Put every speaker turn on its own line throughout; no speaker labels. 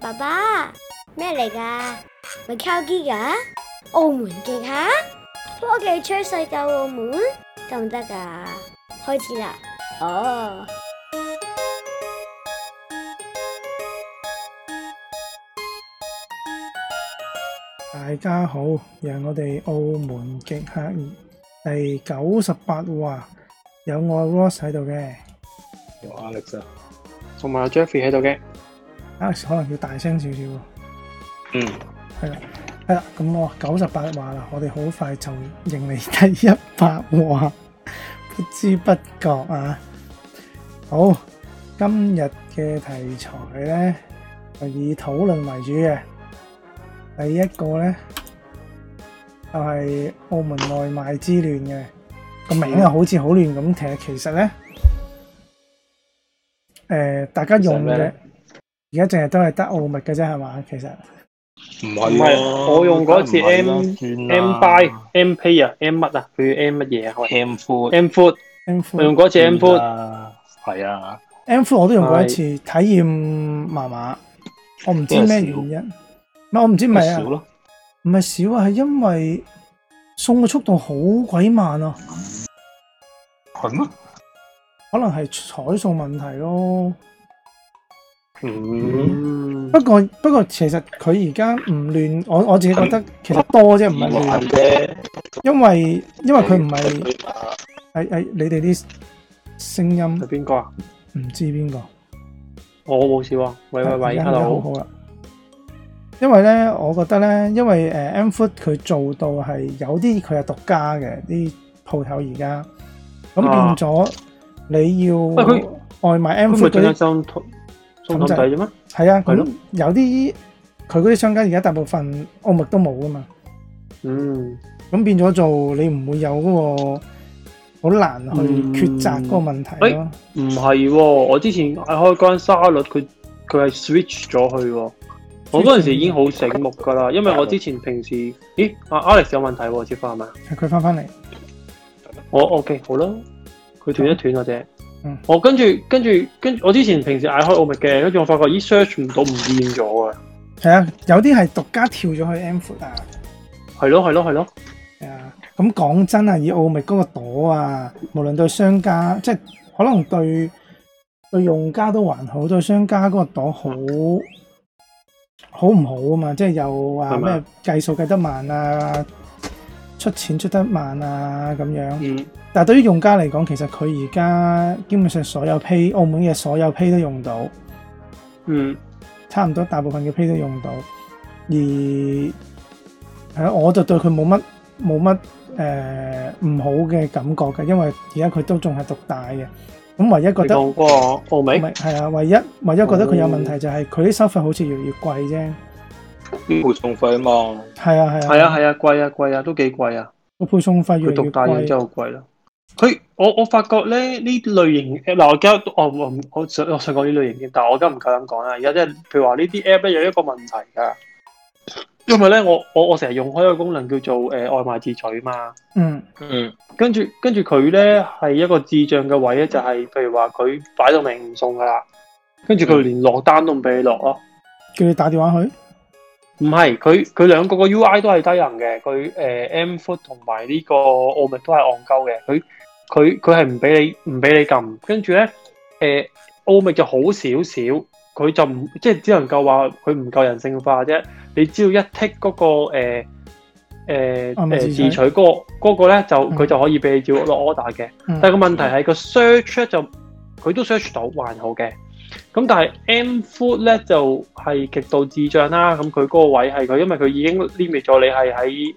爸爸，咩嚟噶？咪科技噶，澳門極客科技吹世界澳門
得唔得噶？開始啦！
哦，大家好，又係我哋澳門極客第九十八話有我 Ross 喺度嘅，
有 Alex 同埋 Jeffy 喺度嘅。
Alex 可能要大聲少少咯。嗯，係啦，係啦，咁我九十八話啦，我哋好快就迎嚟第
一百話，
不知不覺啊！好，今日嘅題材咧就以討論為主嘅。第一個咧就係澳門外賣之亂嘅個名啊，好似好亂咁踢，其實咧誒，大家用嘅。而家淨係都係得奧密嘅啫係嘛，其實
唔係，我用嗰次 M M by M pay 啊，M 乜啊，佢 M 乜嘢，M food，M food，我用嗰次 M food 啊，
係啊，M food 我都用過一次，體驗麻麻，我唔知咩原因，唔係我唔知咪啊，唔係少啊，係因為送嘅速度好鬼慢啊，群啊，可能係彩數問題咯。嗯，不過不過其實佢而家唔亂，我我自己覺得其實多啫，唔係亂啫。因為因為佢唔係誒誒，你哋啲聲音係邊個啊？唔知邊個。
我冇事喎。喂喂喂，hello，好好啦。
因為咧，我覺得咧，因為誒，AmFood 佢做到係有啲佢係獨家嘅啲鋪頭而家，
咁變咗
你要外賣 AmFood。咁就啫咩？係啊，咁有啲佢嗰啲商家而家大部分屋幕都冇噶嘛。嗯，咁變咗做你唔會有嗰個好難去抉擇嗰個問題
咯、嗯。唔、欸、係、欸哦，我之前開關沙律，佢佢係 switch 咗去、哦。我嗰陣時已經好醒目噶啦，因為我之前平時，咦、欸、阿、啊、Alex 有問題、哦，接返係咪？
係佢翻翻嚟。
我 OK，好啦，佢斷一斷我只。嗯嗯，我跟住跟住跟，我之前平時嗌開奧密嘅，跟住我發覺依 search 唔到唔見咗
啊！係啊，有啲係獨家跳咗去 M
Food 啊！係咯係咯係咯，
係啊！咁講真啊，以奧密嗰個朵啊，無論對商家，即係可能對對用家都還好，對商家嗰個朵好好唔好啊嘛！即係又話咩計數計得慢啊，出錢出得慢啊咁樣。但係對於用家嚟講，其實佢而家基本上所有 Pay 澳門嘅所有 Pay 都用到，嗯，差唔多大部分嘅 Pay 都用到。而係咯，我就對佢冇乜冇乜誒唔好嘅感覺嘅，因為而家佢都仲係獨大嘅。咁唯一覺得
過澳門，
係啊，唯一唯一覺得佢有問題就係佢啲收費好似越嚟越貴啫。啲
配送費啊嘛，係啊係啊係啊係啊貴啊貴啊都幾貴啊！
個配送費越嚟越貴，真係好
貴咯～佢我我發覺咧呢這類型嗱、嗯、我記得我我，我想我想講呢類型嘅，但係我都唔夠膽講啦。而家即係譬如話呢啲 app 咧有一個問題噶，因為咧我我我成日用開一個功能叫做誒、呃、外賣自取嘛。嗯嗯，跟住跟住佢咧係一個智障嘅位咧、就是，就係譬如話佢擺到明唔送噶啦，
跟住佢連
落單都唔俾你落咯、嗯。叫你打電話去？唔係，佢佢兩個個 UI 都係低能嘅，佢誒、呃、mFood 同埋呢個澳覓都係戇鳩嘅，佢。佢佢係唔俾你唔俾你撳，跟住咧，誒歐美就好少少，佢就唔即係只能夠話佢唔夠人性化啫。你只要一剔誒誒誒嗰個、呃呃啊呃、自取嗰、嗰個、啊嗰個咧，就佢、嗯、就可以俾你照落、嗯、order 嘅、嗯。但係個問題係、嗯個 search 咧就佢都 search 到，還好嘅。咁但係 M Food 咧就係、是、極度智障啦，咁佢嗰個位係佢，因為佢已經 limit 咗你係喺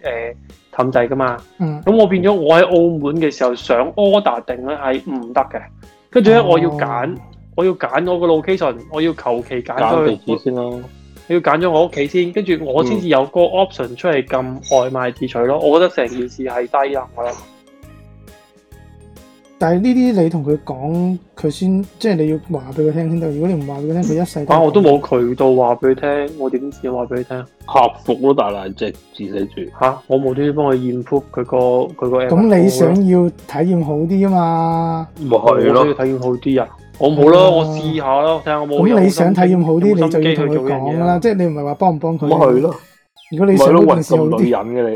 誒氹仔噶嘛。咁、嗯、我變咗我喺澳門嘅時候想 order 定咧係唔得嘅，跟住咧我要揀，哦，我要揀我個 location，我要求其揀咗佢。揀地址先咯，你要揀咗我屋企先，跟住我先至有個 option 出嚟撳外賣自取咯。我覺得成件事係低能嘅。我
但係呢啲你同佢講佢先，即係你要話俾佢聽先得。如果你唔話俾佢聽，佢、嗯、一世、啊。啊！我都
冇渠道話俾佢聽，我點知話俾佢聽？客服都大大隻，字寫住。我冇啲幫佢驗 p 佢個佢個 app。咁你想
要體驗好啲啊嘛？咪去咯！我，我想要
體驗好啲啊！我冇咯，我試下咯，睇下我冇。咁你想體驗好啲，你就要同佢講啦。
即係你唔係話幫唔幫佢？咪去咯！咪都
混咁女人嘅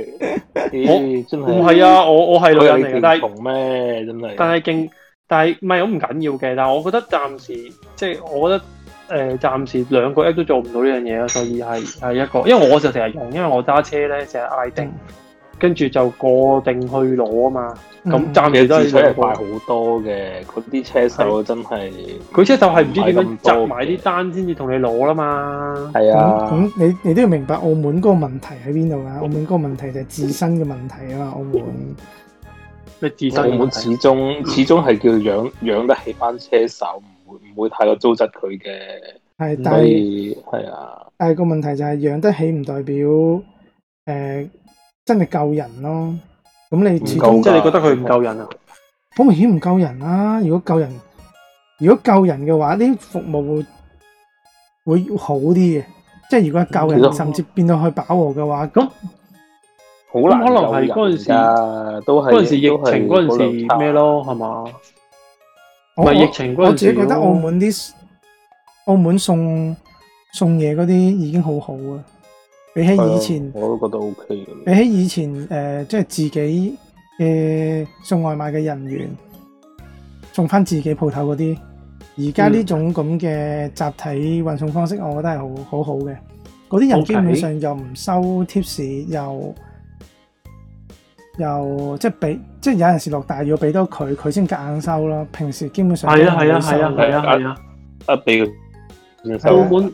你，
我唔係啊，我我係女人嚟嘅，但係咩真係，但係勁，但係唔係好唔緊要嘅，但係我覺得暫時即係，就是、我覺得誒暫、呃、時兩個 app 都做唔到呢樣嘢啦，所以係係一個，因為我就成日用，因為我揸車咧成日嗌定。跟住就過定去攞啊嘛，咁暫時都係快
好多嘅。佢、嗯、啲車手真係，佢車手係唔知點樣執埋
啲單先至同你攞啦嘛。係啊，咁、嗯嗯、
你你都要明白澳門嗰個問題喺邊度啊？澳門嗰個問題就係自身嘅問題啊嘛。澳
門，你自身澳門始
終、嗯、始終係叫養養得起班車手，唔會唔會太過糟質佢嘅。
係，但係係啊。但係個問題就係養得起唔代表誒。呃真係救人咯，
咁你始終即係你覺得佢唔救人啊？好
明顯唔救人啦，如果救人，如果救人嘅話，啲服務會好啲嘅。即係如果救人，甚至變到去飽和嘅話，咁
好
難。咁可能係嗰陣時啊，都係嗰陣時疫情嗰陣時咩咯，係嘛？唔係疫情嗰陣時，我自己覺得澳門
啲澳門送送嘢嗰啲已經好好啊。比起以前，
啊、我都覺
得 OK 嘅。比起以
前，誒、呃，即係自己誒、呃、送外賣嘅人員送翻自己鋪頭嗰啲，而家呢種咁嘅集體運送方式，我覺得係好好好嘅。嗰啲人基本上又唔收貼士，又又即係俾，即係有陣時落大雨，要俾多佢，佢先夾硬收咯。平時基本上係啊係啊係啊係啊，一俾、
啊，俾佢、啊。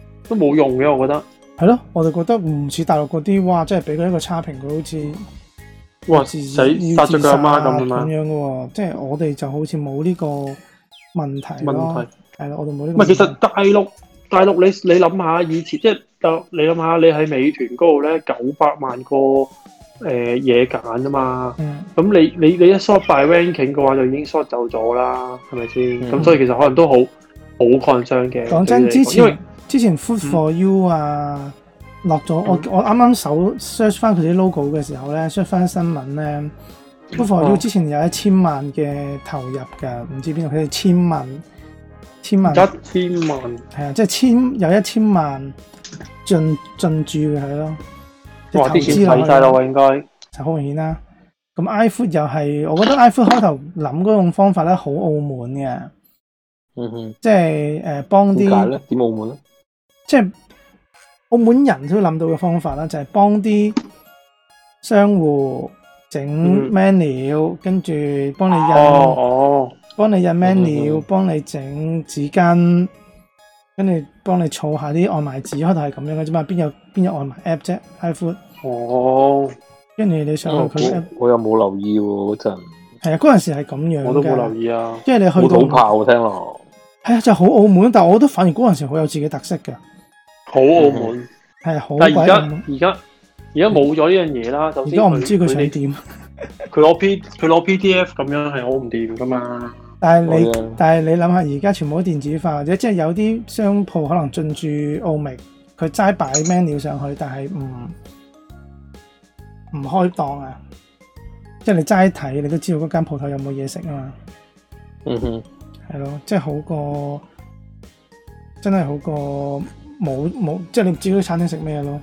都冇用嘅，我覺得。
係咯，我就覺得唔似大陸嗰啲，哇！即係俾佢一個差評，佢好似
哇死殺咗佢阿媽咁
樣嘅喎。即係我哋就好似冇呢個問題咯。係咯，我哋冇呢個。唔係，其
實大陸大陸，你你諗下以前，即係你諗下，你喺美團嗰度咧九百萬個誒嘢揀啊嘛。咁你你你一 sort by ranking 嘅話，就已經 sort 走咗啦，係咪先？咁所以其實可能都好好擴張嘅。講真，之前。
之前 Food for You 啊，落、嗯、咗我、嗯、我啱啱搜 search 翻佢啲 logo 嘅時候咧，search 翻新聞咧、嗯、，Food for You 之前有一千萬嘅投入㗎，唔、哦、知邊度佢哋千萬，千萬一
千萬，係啊，即係
千有一千萬進進駐嘅係咯，
哇！之前睇曬咯，應該就
好明顯啦。咁 iFood 又係，我覺得 iFood 開頭諗嗰種方法咧，好澳門嘅，
嗯
哼，即係誒、呃、幫啲點澳門咧？即係澳門人都諗到嘅方法啦，就係幫啲商戶整 menu，跟住幫你印，幫、哦哦、你印 menu，幫、嗯、你整紙巾，跟住幫你儲下啲外賣紙，開頭係咁樣嘅啫嘛。邊有邊有外賣 app 啫 iFood
哦，跟住你上佢 app，我又冇留意喎嗰陣，
係啊，嗰陣時係咁樣嘅，我都冇留
意啊。即係你去到好怕，我聽落
係啊，就好、是、澳門，但係我覺得反而嗰陣時好有自己特色嘅。
好澳門係好，好嗯、但係而家而家而家冇咗呢樣嘢啦。而家我唔知佢想點，佢攞 P 佢攞 PDF 咁樣係好唔掂噶嘛。但係你但
係你諗下，而家全部都電子化，或者即係有啲商鋪可能進駐澳門，佢齋擺 menu 上去，但係唔唔開檔啊。即係你齋睇，你都知道嗰間鋪頭有冇嘢食啊嘛。嗯哼，係咯，即係好過，真係好過。冇冇，即係你唔知佢餐廳食咩咯。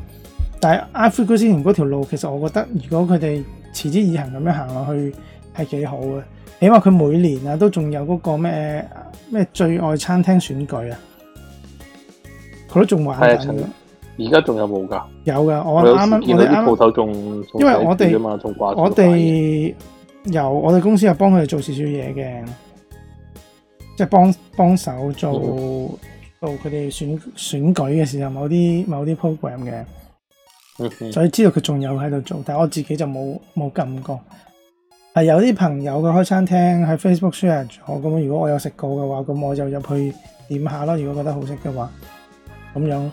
但係阿弗哥之前嗰條路，其實我覺得如果佢哋持之以恆咁樣行落去，係幾好嘅。起碼佢每年啊都仲有嗰個咩咩最愛餐廳選舉他還是啊，佢都仲玩緊。
而家仲有冇㗎？有噶，我啱啱我哋啱啱因為我哋我哋
由我哋公司又幫佢哋做少少嘢嘅，即係幫幫手做。嗯到佢哋選選舉嘅時候，某啲某啲 program 嘅，okay. 所以知道佢仲有喺度做，但係我自己就冇冇撳過。係有啲朋友嘅開餐廳喺 Facebook share 咗，咁如果我有食過嘅話，咁我就入去點下咯。如果覺得好食嘅話，咁樣。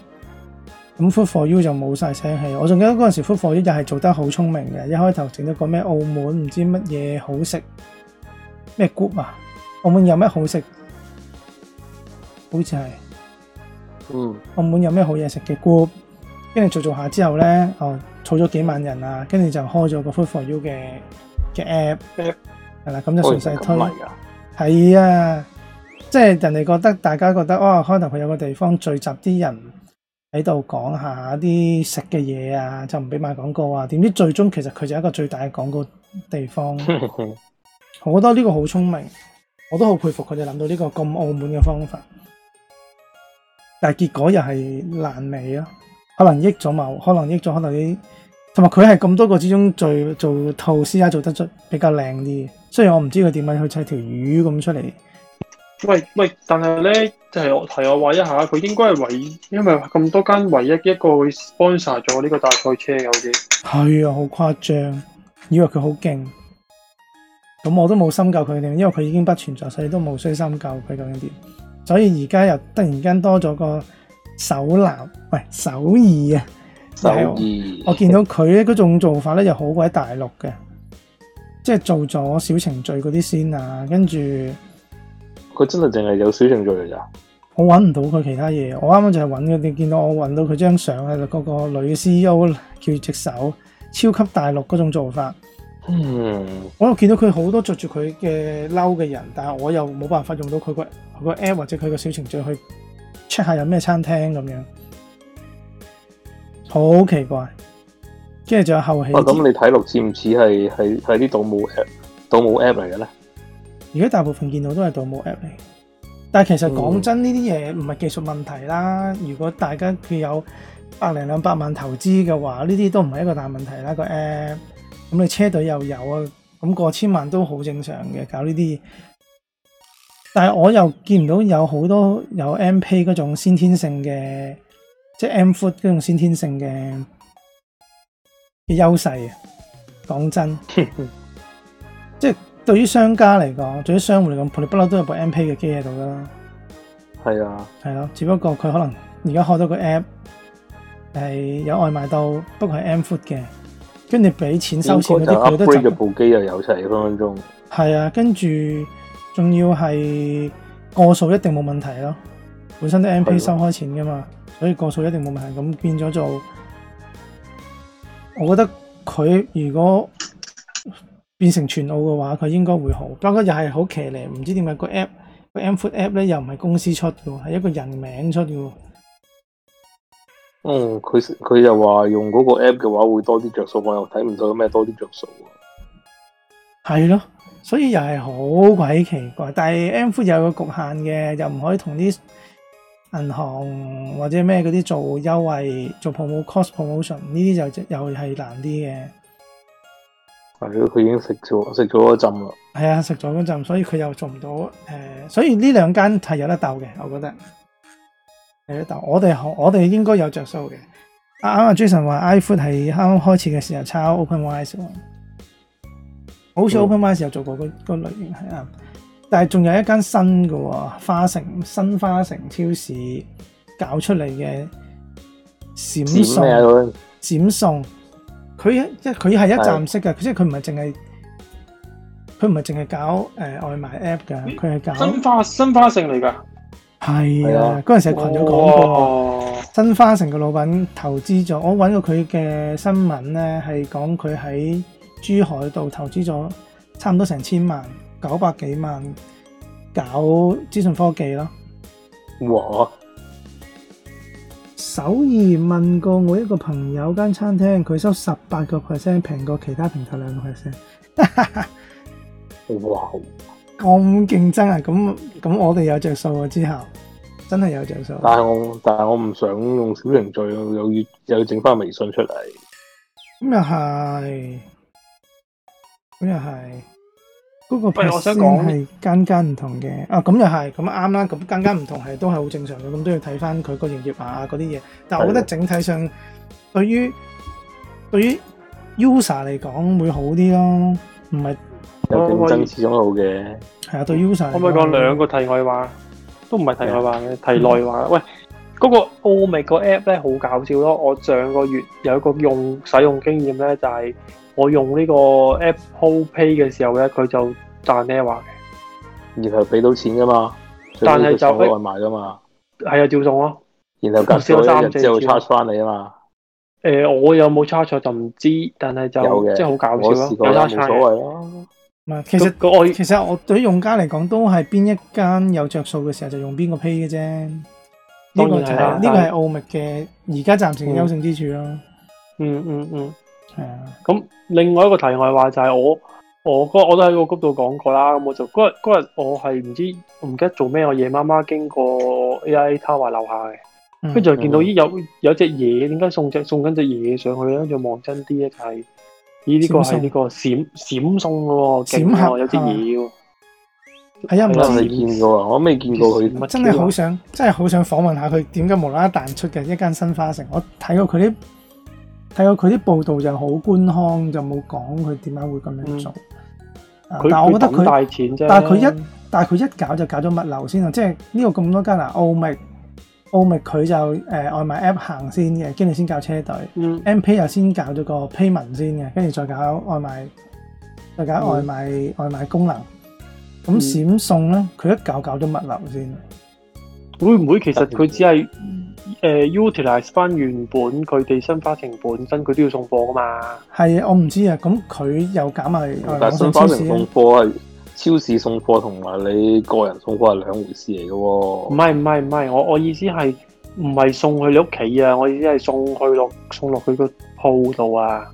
咁 Food for You 就冇晒聲氣，我仲記得嗰陣時 Food for You 又係做得好聰明嘅，一開頭整咗個咩澳門唔知乜嘢好食咩 group 啊，澳門有咩好食，好似係。嗯，澳門有咩好嘢食嘅 group，跟住做做下之後咧，哦，儲咗幾萬人啊，跟住就開咗個 Food for You 嘅嘅 app，係、嗯、啦，咁、嗯、就順勢推，係啊，看即係人哋覺得大家覺得哇，開頭佢有個地方聚集啲人喺度講下啲食嘅嘢啊，就唔俾賣廣告啊，點知最終其實佢就係一個最大嘅廣告地方， 我覺得呢個好聰明，我都好佩服佢哋諗到呢個咁澳門嘅方法。但係結果又係爛尾啊，可能益咗嘛，可能益咗可能啲，同埋佢係咁多個之中最做套 c 下做得出比較靚啲，雖然我唔知佢點樣去砌條魚咁出嚟。
喂喂，但係咧就係、是、我提我話一下，佢應該係唯因為咁多間唯一一個 sponsor 咗呢個大賽車嘅
好似。係啊，好誇張，以為佢好勁。咁我都冇深究佢點，因為佢已經不存在，所以都冇需深究佢究竟點。所以而家又突然間多咗個首男，喂，係首二啊。首二，就係，我見到佢咧嗰種做法咧，又好鬼大陸嘅，即係做咗小程序嗰啲先啊。跟住
佢真係淨係有小程序㗎咋？
我揾唔到佢其他嘢。我啱啱就係揾佢，你見到我揾到佢張相喺度，嗰、嗰個女 C E O 叫隻手，超級大陸嗰種做法。嗯，我又見到佢好多着住佢嘅褸嘅人，但係我又冇辦法用到佢個佢個 app 或者佢個小程序去 check 下有咩餐廳咁樣，好奇怪。跟住仲有後戲。我、啊、咁你
睇落似唔似係係係啲盜墓 app 盜墓 app 嚟嘅咧？
而家大部分見到都係盜墓 app 嚟，但係其實講真呢啲嘢唔係技術問題啦。如果大家佢有百零兩百萬投資嘅話，呢啲都唔係一個大問題啦。個 app 咁你車隊又有啊，咁過千萬都好正常嘅，搞呢啲。但係我又見唔到有好多有 M Pay 嗰種先天性嘅，即係 M Foot 嗰種先天性嘅嘅優勢啊。講真， 即係對於商家嚟講，對於商戶嚟講，佢不嬲都有部 M Pay 嘅機喺度㗎啦。
係啊。
係咯，只不過佢可能而家開到個 app 係有外賣到，不過係 M Foot 嘅。跟住俾錢收錢嗰啲佢都走，
部機又有齊分分鐘。
係啊，跟住仲要係個數一定冇問題咯。本身都 M P 收開錢噶嘛，所以個數一定冇問題。咁變咗做，我覺得佢如果變成全澳嘅話，佢應該會好。不過又係好騎呢。唔知點解個 App 個 M Foot App 咧，又唔係公司出嘅喎，係一個人名出嘅喎。
嗯，佢佢又話用嗰個 app 嘅話會多啲着數，我又睇唔到咩多啲着數。
係咯，所以又係好鬼奇怪。但係 M Food 又有個局限嘅，又唔可以同啲銀行或者咩嗰啲做優惠、做 promotion 呢啲就又係難啲嘅。
係咯，佢已經食咗食咗一陣啦。
係啊，食咗一陣，所以佢又做唔到誒、呃，所以呢兩間係有得鬥嘅，我覺得。係，但我哋我哋應該有着數嘅。啱啱阿 Jason 話，iFood 係啱啱開始嘅時候抄 Open Wise，好、嗯、似 Open Wise 有做過個個類型係啊。但係仲有一間新嘅花城新花城超市搞出嚟嘅閃送，閃、啊、送佢一佢係一站式嘅，即係佢唔係淨係佢唔係淨係搞誒、呃、外賣 app 㗎，佢係搞新
花新花城嚟噶。係啊，嗰陣、啊、時群友講過，
新花城嘅老闆投資咗，我搵過佢嘅新聞咧，係講佢喺珠海度投資咗差唔多成千萬九百幾萬搞資訊科技咯。
哇！
首爾問過我一個朋友間餐廳，佢收十八個 percent，平過其他平台兩個 percent。 哇！咁競爭啊！咁咁我哋有着數啊，之後真係有着數。
但係我但係我唔想用小程序啊，又要又要整翻微信出嚟。
咁又係，咁又係。嗰個我想講係間間唔同嘅。啊，咁又係，咁啊啱啦。咁間間唔同係都係好正常嘅，咁都要睇翻佢個營業額啊嗰啲嘢。但係我覺得整體上，對於對於 user 嚟講會好啲咯，唔係。爭的我整真
始終都好嘅，
係啊，都 U 曬。可唔可以講兩個
題外話？都唔係題外話嘅、嗯，題內話。喂，嗰、那個 o m 個 app 咧好搞笑咯。我上個月有一個用使用經驗咧，就係、是、我用呢個 a p p l Pay 嘅時候咧，佢就賺咩話
嘅？然後俾到錢噶嘛，但係就送外賣噶嘛，
係啊，照送咯、
啊。然後搞咗一日之後 c h 翻你啊嘛？
誒，我有冇差 h 就唔知，但係就即係好搞笑咯，有得 c 冇所謂咯、啊。其實其實我對用家
嚟講都係邊一間有着數嘅時候就用邊個 pay 嘅啫。呢、
這個就係呢個係奧密嘅而家暫時嘅優勝之
處咯。嗯嗯嗯，
係、嗯嗯、啊。咁另外一個題外話就係我是我哥我都喺個谷度講過啦。咁我就嗰日嗰日我係唔知唔記得做咩，我夜媽媽經過 AIA Tower 樓下嘅，跟、嗯、住就見到有、嗯、有隻嘢，點解送隻送緊隻嘢上去咧？就望真啲咧，就係。呢啲個係呢個閃閃送咯，閃客有啲嘢喎。係啊，唔係見嘅喎，我未見過佢。真係好
想，真係好想訪問下佢，點解無啦啦彈出嘅一間新花城？我睇過佢啲，睇過佢啲報道就好官腔，就冇講佢點解會咁樣做。
但係我覺得佢帶錢啫，但係佢一
但係佢一搞就搞咗物流先啊！即係呢個咁多間嗱，奧秘。澳門佢就誒外賣 App 行先嘅，跟住先搞車隊，M Pay 又先搞咗個 payment 先嘅，跟住再搞外賣，再搞外賣外賣功能。咁閃送咧，佢一搞搞咗物流先。
會唔會其實佢只係誒 utilize 翻原本佢哋新花城本身佢都要送貨噶嘛，
係啊，我唔知啊。咁佢又搞埋，但係新花城送
貨。超市送貨同
埋你個人送貨係兩回事嚟嘅
喎，唔係唔係唔係，我我意思係唔係送去你屋企啊，我意思係送，送去落送落佢個鋪度啊。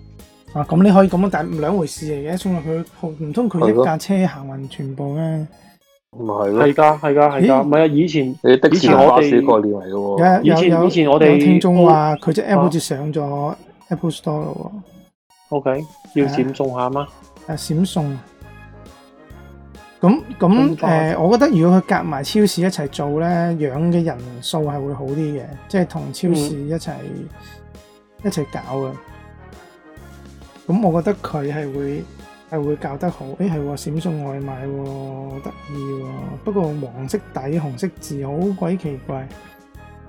啊，咁你可以咁樣啊，但係兩回事嚟嘅，送落佢鋪，唔通佢一架車行匀全部咩？
唔係咯，係噶係噶係噶，唔係啊！以前，以前我哋概念嚟嘅喎，有有有聽眾
話佢隻 App 好似上咗 Apple Store 咯。
哦。OK，要閃送下嘛？
啊，閃送。咁咁誒，我覺得如果佢夾埋超市一齊做咧，樣嘅人數係會好啲嘅，即係同超市一齊一齊搞啊！咁我覺得佢係會係會搞得好。誒係喎，閃送外賣喎，得意喎。不過黃色底紅色字好鬼奇怪，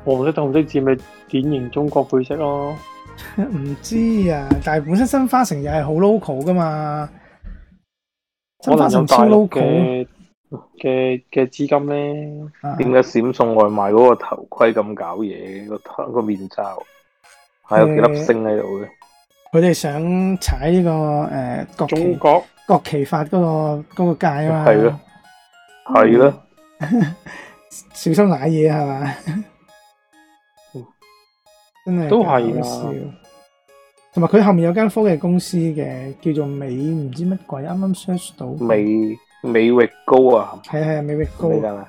黃色同紅色字咪典型中國配色咯。
唔知啊，但係本身新花城又係好 local 噶嘛。
我能有大嘅
嘅嘅資金咧，點、啊、解閃送外賣嗰個頭盔咁搞嘢？嗰個面罩
係、嗯、有幾粒星喺度嘅。佢哋想踩呢、這個誒、呃、國旗國國旗法嗰、那個嗰、那個、界啊嘛。係咯，
係咯，嗯、
小心攋嘢係嘛？ 真係都係同埋佢後面有間科技公司嘅，叫做美唔知乜鬼，啱啱 search 到
美美域高啊！
係啊係啊，美域高啊！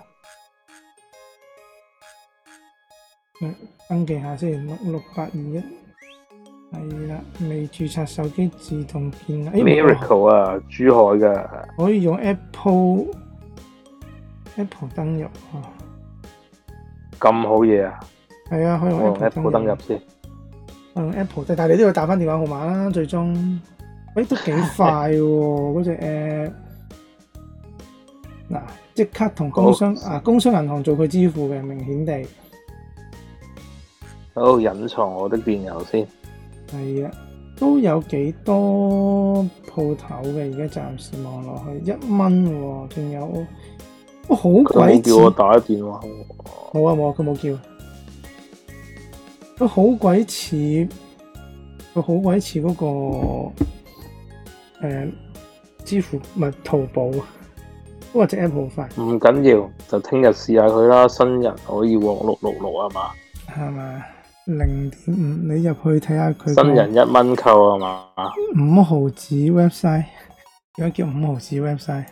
登記下先，六六八二一係啦，未註冊手機自動建立。誒，Miracle
啊，珠海噶，可
以用 Apple Apple 登入啊！
咁好嘢啊！係啊，可以用 Apple 登入先。
嗯，Apple，但係你都要打返電話號碼啦。最終，喂，都幾快喎，嗰隻誒，嗱，即刻同工商啊，工商銀行做佢支付嘅。明顯地，
好隱藏我的電郵先
係啊，都有幾多鋪頭嘅，而家暫時望落去一蚊喎，仲有，哇，好鬼貴！叫我
打電話，
好啊，冇啊，佢冇叫。佢好鬼似，佢好鬼似嗰個誒，支付寶唔係淘寶啊，都係 app 一部
快。唔緊要，就聽日試下佢啦。新人可以黃六六六吖嘛？係
嘛？零點五，你入去睇下佢。新人
一蚊扣吖嘛？
五毫子 website，點解叫五毫子 website？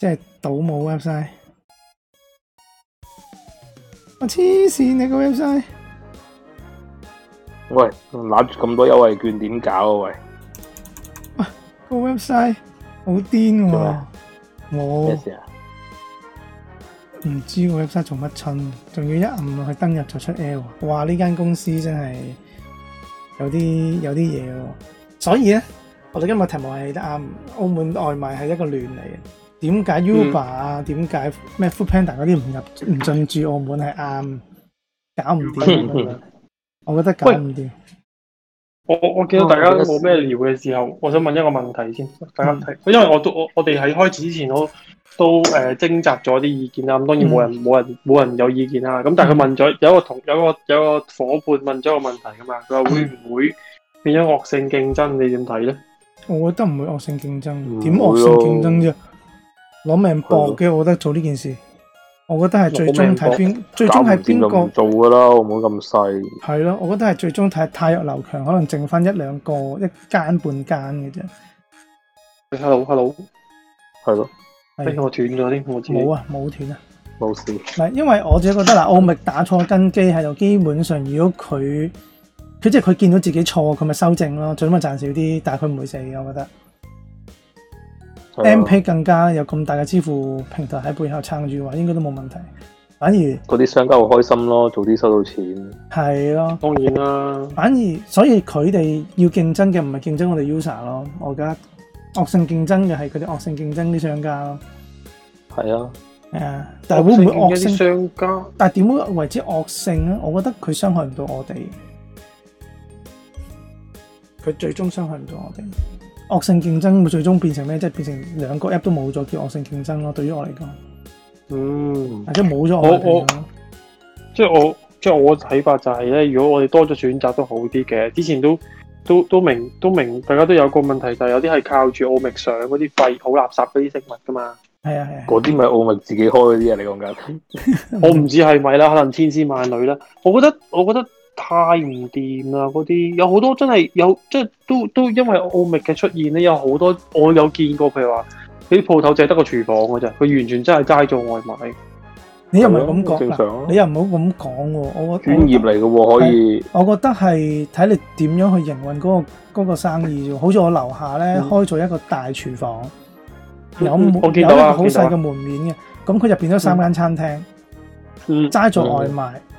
即係賭冇 website，哦。我黐線，你個 website。
喂，攬住咁多優惠券點搞啊？喂，
個 website 好癲喎，冇咩事啊？唔知個 website 做乜春，仲要一撳落去登入就出 L，哇！呢間公司真係有啲有啲嘢喎。所以咧，我哋今日題目係得啱，澳門外賣係一個亂嚟。點解 Uber 啊？點解咩 Foodpanda 嗰啲唔入唔進駐澳門係啱？搞唔掂啊！我覺得搞唔掂。
我我見到大家都冇咩聊嘅時候、哦，我想問一個問題先，大家睇。 因為我都我我哋喺開始之前，我都誒徵集咗啲意見啦。咁當然冇人冇、嗯、人冇人，人有意見啦。咁但係佢問咗有一個同有個有個伙伴問咗個問題噶嘛，佢話會唔會變咗惡性競爭？你點睇咧？
我覺得唔會惡性競爭，點、嗯、惡性競爭啫？攞、啊、命搏嘅，我覺得做呢件事。我覺得係最終睇邊，最終係
邊個做噶啦，唔
好咁細。係
咯，我覺得係最終睇汰弱留強，可能剩翻一兩個一間半間嘅啫。你
hello hello 係咯，哎我斷咗啲？我冇啊冇斷啊冇事。
係，因為我自己覺得嗱，奧密打錯根基喺度，基本上如果佢佢即係佢見到自己錯，佢咪修正咯，最緊要賺少啲，但係佢唔會死，我覺得。MPay 更加有咁大嘅支付平台喺背後撐住嘅話，應該都冇問題。
反而嗰啲商家會開心咯，早啲收到錢
係咯，當然啦。反而所以佢哋要競爭嘅唔係競爭我哋 user 咯，我覺得惡性競爭嘅係佢哋惡性競爭啲商家咯。
係啊，
係但係會唔會惡性，惡性的商家？但係點為之惡性咧？我覺得佢傷害唔到我哋，佢最終傷害唔到我哋。惡性競爭會最終變成咩？即係變成兩個 app 都冇咗叫惡性競爭咯。對於我嚟講，嗯，
或者冇咗我，我，我，我，即係我即係我嘅睇法就係咧，如果我哋多咗選擇都好啲嘅。之前都都都明都明，大家都有個問題就係有啲係靠住奧密上嗰啲廢好垃圾嗰啲食物㗎嘛。係啊係啊，嗰啲咪奧密自己開嗰啲啊？你講緊我唔知係咪啦，可能千絲萬縷啦。我覺得我覺得。太唔掂啦！嗰啲有好多真係有，即係都都因為奧密嘅出現咧，有好多我有見過，譬如話啲鋪頭淨係得個廚房嘅啫，佢完全真係齋做外賣。
你又唔係咁講，你又唔好咁講喎。我覺得，專
業嚟嘅可以，
我覺得係睇你點樣去營運嗰個、嗰個生意。好似我樓下咧、嗯、開咗一個大廚房，有我見到有一個好細嘅門面嘅，咁佢入面都三間餐廳，齋、嗯、做外賣。嗯嗯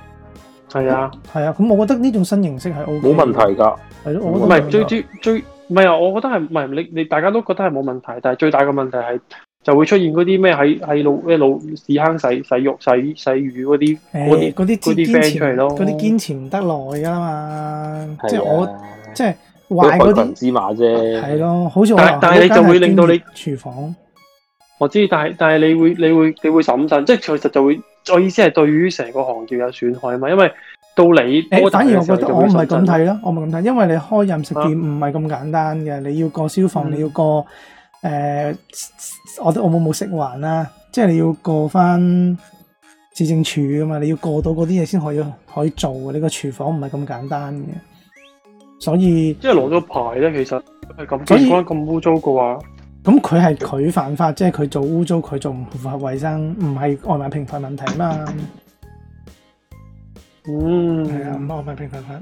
係啊，係啊，咁我覺得呢種新形式係 O，冇問
題噶，係咯，
唔係最最
最唔係啊，我覺得係唔係你你大家都覺得係冇問題，但係最大嘅問題係就會出現嗰啲咩喺喺老咩老屎坑洗洗肉洗洗，洗魚嗰啲嗰啲嗰啲 friend 出嚟咯，嗰啲
堅持唔得耐噶啦嘛，即係、啊就是、我即係壞嗰啲
芝麻啫，係咯、啊，好似我但但係你就會令到你廚房我知，但係但係你會你會你會審慎，即係其實就會。我意思係對於成個行業有損害啊嘛，因為到你，我、欸、反而我覺得我唔係咁睇
咯，我唔係咁睇，因為你開飲食店唔係咁簡單嘅，你要過消防，嗯、你要過誒、呃，我我冇冇食環啦，即係你要過翻市政署啊嘛，你要過到嗰啲嘢先可以可以做嘅，你個廚房唔係咁簡單嘅，所以
即係攞咗牌咧，其實係咁，地方咁污糟嘅話。
咁佢係佢犯法，即係佢做污糟，佢做唔符合衛生，唔係外賣平分問題嘛？嗯，係啊，唔係外賣平分法，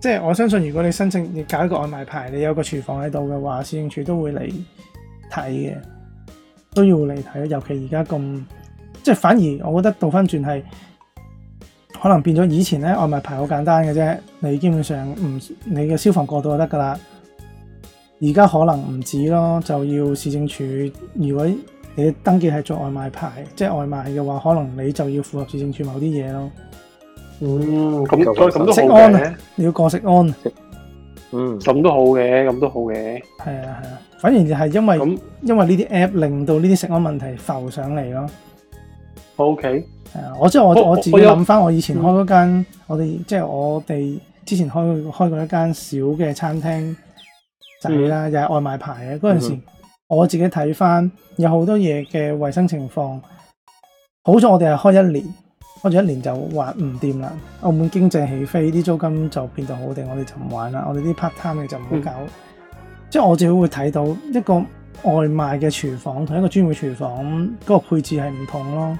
即係我相信，如果你申請你搞一個外賣牌，你有個廚房喺度嘅話，市政處都會嚟睇嘅，都要嚟睇。尤其而家咁，即係反而我覺得倒翻轉係，可能變咗以前咧，外賣牌好簡單嘅啫，你基本上唔，你嘅消防過到就得噶啦。而家可能唔止咯，就要市政署。如果你登記係做外賣牌，即係外賣嘅話，可能你就要符合市政署某啲嘢咯。嗯，咁咁都好嘅、啊，你要過食安。嗯，
咁都好嘅，咁都好嘅。
係啊係啊，反而就係因為因為呢啲 app 令到呢啲食安問題浮上嚟
咯。OK，係啊，我即係我我自己諗翻，我以前
開嗰間，嗯、我哋即係我哋之前開過開過一間小嘅餐廳。仔、就、啦、是嗯，又係外賣牌嘅嗰陣時、嗯，我自己睇翻有好多嘢嘅衛生情況。好彩我哋係開一年，開咗一年就玩唔掂啦。澳門經濟起飛，啲租金就變到好定，我哋就唔玩啦。我哋啲 part time 嘅就唔好搞。即、嗯、係、就是、我自己會睇到一個外賣嘅廚房同一個專門廚房嗰個配置係唔同咯。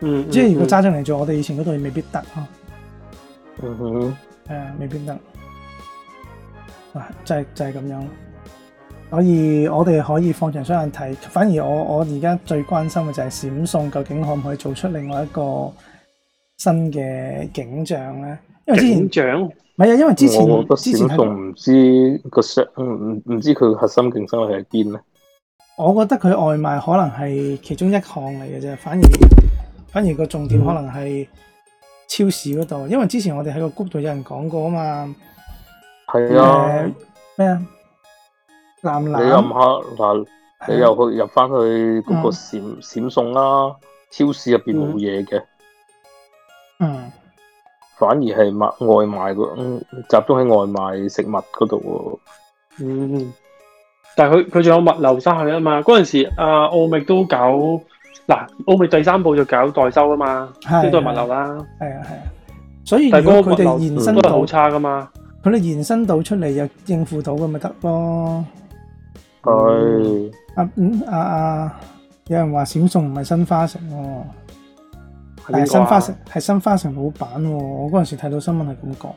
嗯，即、嗯、係、嗯就是、如果揸正嚟做，我哋以前嗰度未必得。嗬。嗯哼，係、嗯啊、未必得。啊、就係、是、就係、是、咁樣，所以我哋可以放長雙眼睇。反而我我而家最關心嘅就係閃送究竟可唔可以做出另外一個新嘅景象咧？因為之前唔係啊，
因為之前閃仲唔知個 s 唔，唔知佢核心競爭力係邊咧？
我覺得佢，那個那個、外賣可能係其中一項嚟嘅啫，反而反而個重點可能係超市嗰度，因為之前我哋喺個 group 度有人講過啊嘛。係啊，咩
啊？你入下嗱，你又入去、啊、入翻去嗰個閃閃送啦，超市入邊冇嘢嘅，
嗯，
反而係賣外賣喎，集中喺外賣食物嗰度喎，嗯，
但係佢佢仲有物流生意啊嘛，嗰陣時啊，奧秘都搞嗱，奧秘第三步就搞代收啊嘛，呢都係物流啦，係啊係啊，所以但係嗰個物流、嗯、都係好差噶嘛。
佢哋延伸到出嚟又應付到咁咪得咯？佢啊嗯啊啊！有人話閃送唔係新花城咯，
係新花
城，係新花城老闆喎。我嗰陣時睇到新聞係咁講，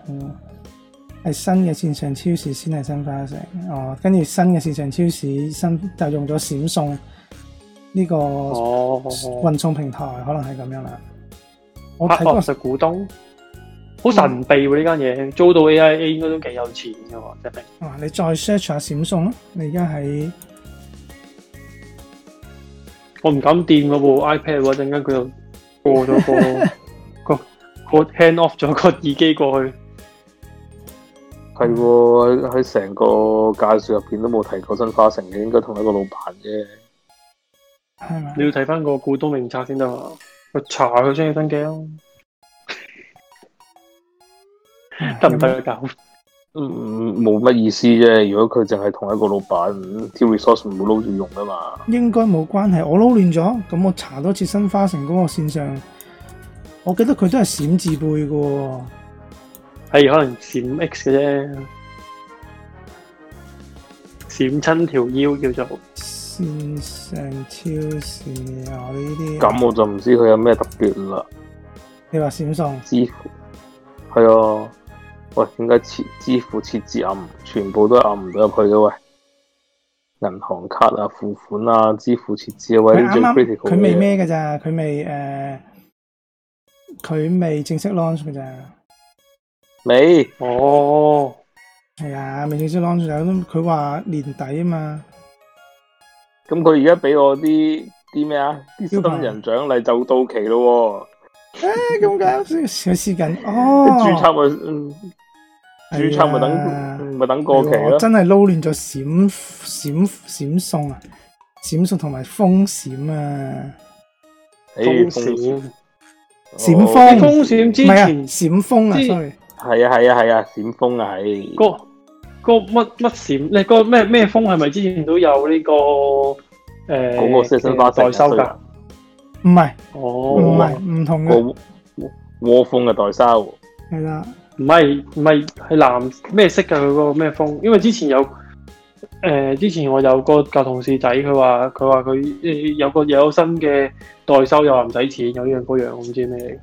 係新嘅線上超市先係新花城哦。跟住、啊、新嘅、哦、線上超市新、哦、新，超市新就用咗閃送呢個運、哦、送平台，可能係咁樣啦。
我睇到係股東。好神秘喎呢間嘢，租到嘅 AIA 應該都幾有錢嘅喎 j
a s 你再 search 下閃送啦。你而家喺
我唔敢掂部 iPad 話陣間佢又過咗個 個,個 hand off 咗個耳機過去、
啊。係喎，喺成個介紹入邊都冇提過新花城嘅，應該同一個老闆
啫。係嘛？你要睇翻個股東名冊先得嘛？去查下佢商業登記啊。得唔得佢搞？
嗯、啊，冇乜意思啫。如果佢淨係同一個老闆，啲 resource 唔會撈住用噶嘛。
應該冇關係。我撈亂咗，咁我查多次新花城嗰個線上，我記得佢都係閃字背噶。
係可能閃 X 嘅啫，閃親條腰叫做
線上超市啊。呢啲。
咁我就唔知佢有咩特別啦。
你話閃送？支
付係啊。喂，點解設支付設置暗，全部都暗唔到入去嘅喂？銀行卡啊，付款啊，支付設置啊，喂，啲最 critical 嘅。佢未咩
嘅咋？佢未誒，佢未、uh, 正式 launch 嘅咋？
未？哦，oh，
係啊，未正式 launch 就咁，佢話年底啊嘛。
咁佢而家俾我啲啲咩啊？啲新人獎勵就到期咯。
誒、啊，咁解先，佢試緊哦， 註
冊咪，註冊咪等，咪、啊、等過期咯。真係
撈亂咗，閃閃閃送啊，閃送同埋風閃啊，
誒、啊，風
閃、欸、風閃、哦、之前，閃、啊、風啊
，sorry，係啊，係啊，係啊，閃風啊，嘿、那
個，個個乜乜閃，你個咩咩風係咪之前都有呢、這個誒、嗰、呃那個四十八代收噶？唔係，哦，唔係，唔同
嘅
窩蜂嘅代收，係啦，唔係唔係，係藍咩色噶佢嗰個咩蜂？因為之前有，誒，之前我有個舊同事仔，佢話佢話佢誒有個有新嘅代收，又話唔使錢，又呢樣嗰樣，我唔知咩嚟。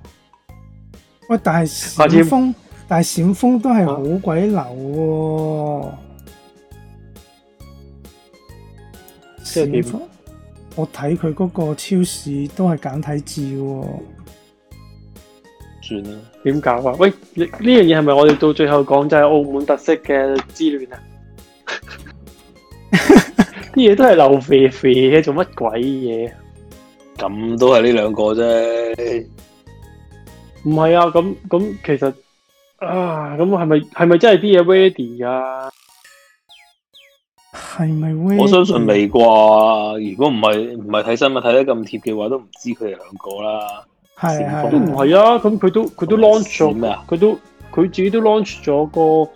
喂，但係閃蜂，但係閃蜂都係好鬼流喎。閃蜂。我睇佢嗰個超市都係簡體字喎。
哦，算啦，點搞啊？喂，呢呢樣嘢係咪我哋到最後講就係澳門特色嘅之亂啊？啲 嘢 都係流肥肥嘅，做乜鬼嘢？咁都係呢兩個啫，唔係啊？咁咁其實啊，咁係咪係咪真係啲嘢 ready 啊？係咪？我相信
未啩？如果唔係唔係睇新聞睇得咁貼嘅話，都唔知佢哋兩個啦。
係係都唔係啊！咁佢都佢都 launch 咗咩啊？佢都佢自己都 launch 咗個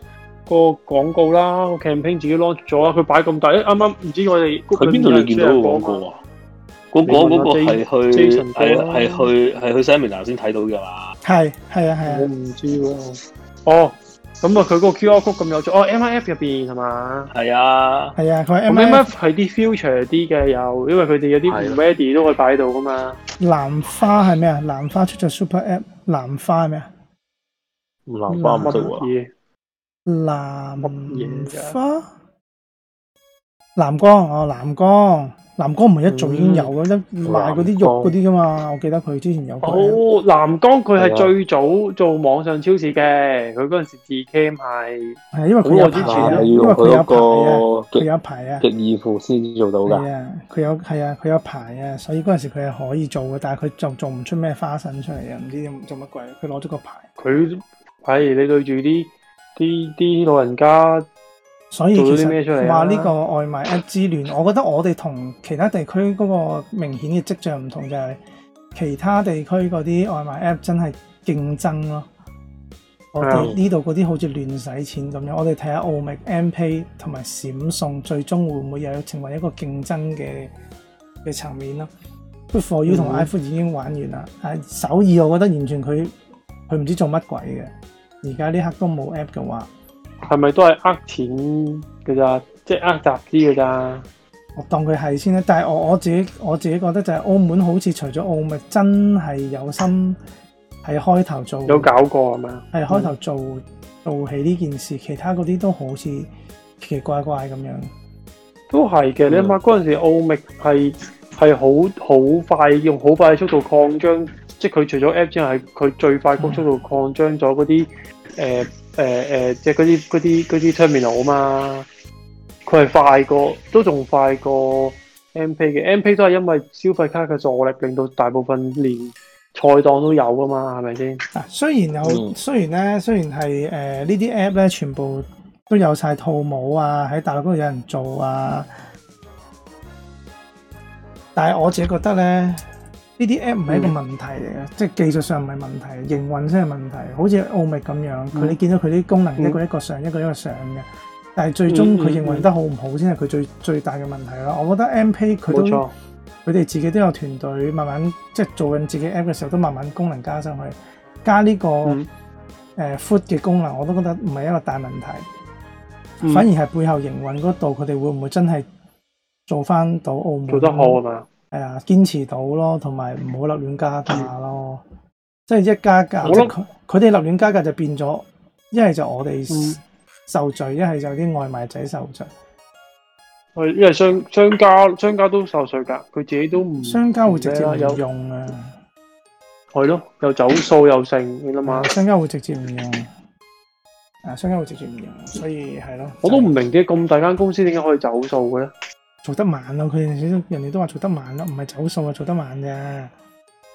個廣告啦，campaign 自己 launch 咗啊！佢擺咁大，啱啱唔知我哋喺邊度你見到個廣告？個個嗰個係去係係去
係去 seminar 先睇到嘅嘛？
係係啊係啊！我唔知喎哦。咁啊，佢個 QR Code 咁有才趣哦！MIF 入邊係嘛？係啊，係啊，佢 MIF 係啲 future 啲嘅，又因為佢哋有啲唔 ready 都可以擺喺度㗎嘛。
藍花係咩啊？藍花出咗 Super App。藍花係咩啊？藍花乜都唔知藍花，藍光哦，藍光。南江唔係一做已經有，嗯，一賣嗰啲肉嗰啲噶嘛？我記得佢之前有。哦，
南江佢係最早做網上超市嘅，佢嗰陣時 c a m 係因為佢惑之前，因為佢有，有，有一個佢有牌，佢有一
排啊！極二富先做到㗎。係啊，
佢有係啊，佢有一排啊，所以嗰陣時佢係可以做嘅，但係佢就做唔出咩花臣出嚟啊！唔知做乜鬼，佢攞咗個牌。
佢係你對住啲啲啲老人家。所以其實話呢個
外賣 App 之亂，我覺得我哋同其他地區嗰個明顯嘅跡象唔同就係，其他地區嗰啲外賣 App 真係競爭咯、
啊。我哋呢
度嗰啲好似亂使錢咁樣。我哋睇下澳麥 MPay 同埋閃送最終會唔會又有成為一個競爭嘅嘅層面咯。Before 要同 iPhone 已經玩完啦。啊，首爾我覺得完全佢佢唔知做乜鬼嘅，而家呢刻都冇 App 嘅話？
係咪都係呃錢噶咋？即係呃集資噶咋？
我當佢係先啦，但係我我自己我自己覺得就係澳門好似除咗澳密真係有心係開頭做有
搞過係嘛？係開頭
做、嗯、做起呢件事，其他嗰啲都好似奇奇怪怪咁樣。
都係嘅，你諗下嗰陣時澳密係係好好快用好快、就是、快速度擴張，即係佢除咗 app 之外，係佢最快嗰個速度擴張咗嗰啲誒。誒、呃、誒、呃，即係嗰啲啲啲 terminal 嘛，佢係快過，都仲快過 MP 嘅，MP 都係因為消費卡嘅助力，令到大部分連菜檔都有㗎嘛，係咪先？啊，
雖然有，雖然咧，雖然係誒呢啲、呃、app 咧，全部都有晒套模啊，喺大陸嗰度有人做啊，但係我自己覺得咧。呢啲 app 唔係一個問題嚟嘅、嗯，即係技術上唔係問題，營運先係問題。好似澳密咁樣，佢、嗯、你見到佢啲功能係一個一個上，嗯、一個一個上嘅，但係最終佢營運得好唔好先係佢最、嗯嗯、最大嘅問題啦。我覺得 MPay 佢都，佢哋自己都有團隊慢慢，即係做緊自己 app 嘅時候都慢慢功能加上去，加呢、呢個誒 food 嘅功能，我都覺得唔係一個大問題，嗯、反而係背後營運嗰度，佢哋會唔會真係做翻到澳門做得好啊嘛？.係啊，堅持到咯，同埋唔好立亂加價咯、就是，即係一加價，佢哋立亂加價就變咗，一係就我哋受罪，一、嗯、係就啲外賣仔受罪。
喂，一係商商家商家都受罪噶，佢自己都唔商家會直接唔用啊，係咯，又走數又剩噶嘛，
商家會直接唔用，啊，商家會直接唔用，所以係咯、就是，
我都唔明點咁大間公司點解可以走數嘅咧？
做得慢咯，佢哋人哋都話做得慢咯，唔係走數啊，做得慢
嘅。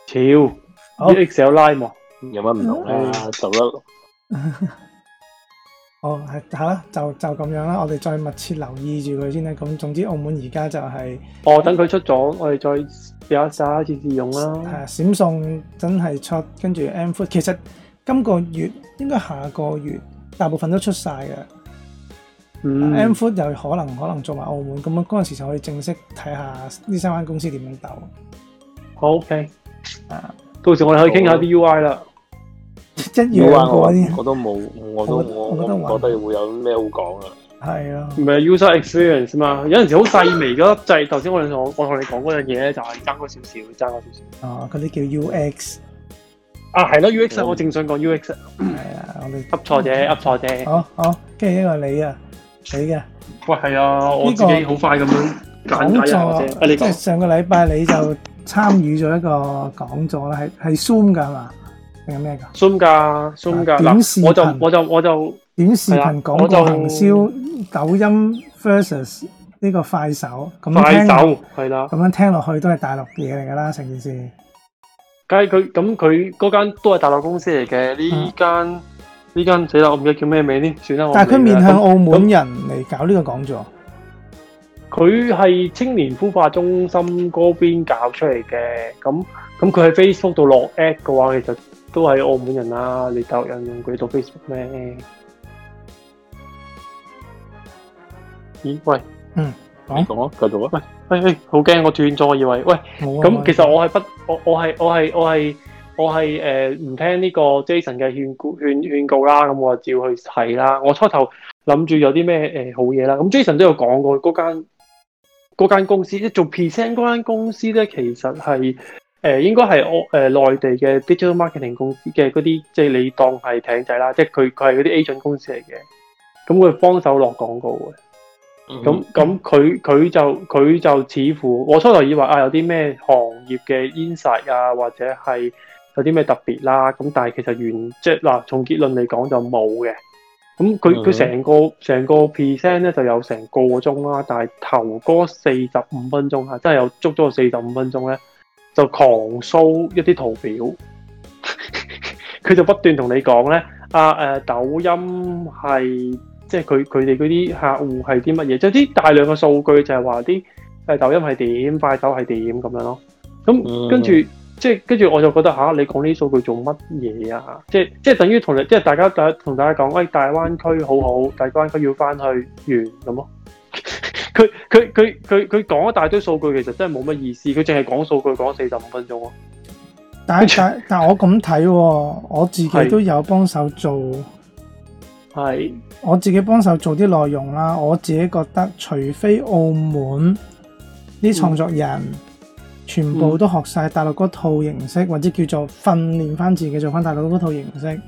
超，X 有拉麼？有乜唔同呢？就得。
哦，係好啦，就就咁樣啦，我哋再密切留意住佢先啦。咁總之澳門而家就係，
哦等佢出咗，我哋再打一打一次試用啦。係，
閃送真係出，跟住 mFood 其實今個月應該下個月大部分都出曬嘅。M food 就可能可能做埋澳門，咁樣嗰陣時就可以正式睇下呢三間公司點樣鬥。
O K，啊，到時我哋可以傾下啲 U I 啦。
U I 我我都冇，我都
我我覺得會有咩好講啊。係啊，唔係 User experience 嘛？有陣時好細微嗰粒掣。頭先我我同你講嗰樣嘢咧，就係爭咗少少，爭
咗少少。啊，嗰啲叫 U X。
啊，係咯 U X，我正想講 U X。係啊，我哋噏錯啫，噏錯啫。好
好，跟住呢個你啊。係嘅，
喂係啊，我自己好快咁樣簡介下啫。即係
上個禮拜你就參與咗一個講座啦，係係 Zoom 噶係嘛？
定係咩噶？Zoom 噶，Zoom 噶，短視頻。我就我就我就短視頻講過行銷，
抖音 versus 呢個快手，快手係啦，
咁樣聽
落去都係大陸嘢嚟噶啦，成件事。
梗係佢咁，佢嗰間都係大陸公司嚟嘅，呢間。呢間死啦！我唔記得叫咩名添，算啦。但係佢面向澳
門人嚟搞呢個講座，
佢係青年孵化中心嗰邊搞出嚟嘅。咁咁佢喺 Facebook 度落 App 嘅話，其實都係澳門人啊，你大陸人用佢度 Facebook 咩？咦？喂，嗯，講咯，繼續啊。喂，喂喂，好驚我斷咗，我以為喂。好啊。咁其實我係不，我我係我係我係。我係誒唔聽呢個 Jason 嘅勸告勸，勸告啦，咁、嗯、我就照去睇啦。我初頭諗住有啲咩誒好嘢啦。咁 Jason 都有講過嗰間，間公司，做 present 嗰間公司咧，其實係誒、呃、應該係我誒內地嘅 digital marketing 公司嘅嗰啲，即係你當係艇仔啦，即係佢佢係嗰啲 agent 公司嚟嘅。咁佢幫手落廣告嘅。咁咁佢佢就佢就似乎我初頭以為啊，有啲咩行業嘅 insight 啊，或者係～有啲咩特別啦？咁但係其實原即，嗱，從結論嚟講就冇嘅。咁佢佢成個成個 present 咧就有成個鐘啦。但係頭嗰四十五分鐘啊，真係有足足四十五分鐘咧，就狂 show 一啲圖表。佢 就不斷同你講咧，啊誒、呃，抖音係即係佢佢哋嗰啲客戶係啲乜嘢？即係啲、就是、大量嘅數據就係話啲誒抖音係點，快手係點咁樣咯。咁跟住。即係跟住我就覺得吓、啊，你講呢啲數據做乜嘢啊？即係即係等於同你即係大家大家同大家講，喂、哎、大灣區好好，大灣區要翻去完咁咯。佢佢佢佢佢講一大堆數據，其實真係冇乜意思。佢淨係講數據講四十五分鐘咯。
但 但，但我咁睇、哦，我自己都有幫手做。
係
我自己幫手做啲內容啦。我自己覺得，除非澳門啲創作人。嗯全部都學晒大陸嗰套形式，或者叫做訓練翻自己做翻大陸嗰套形式。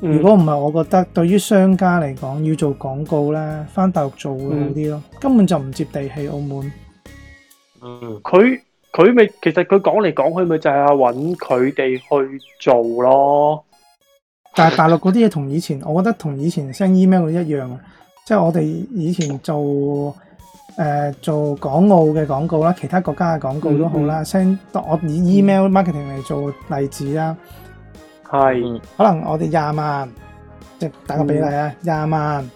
如果唔係，我覺得對於商家嚟講，要做廣告咧，翻大陸做會好啲咯。根本就唔接地氣，澳門。
嗯，佢佢咪其實佢講嚟講去，佢咪就係揾佢哋去做咯。
但係大陸嗰啲嘢同以前，我覺得同以前 send email 一樣啊。即係我哋以前做。誒做港澳嘅廣告啦，其他國家嘅廣告都好啦。所以我以 email marketing 嚟做例子啦，
係
可能我哋廿萬，即係打個比例啊，廿萬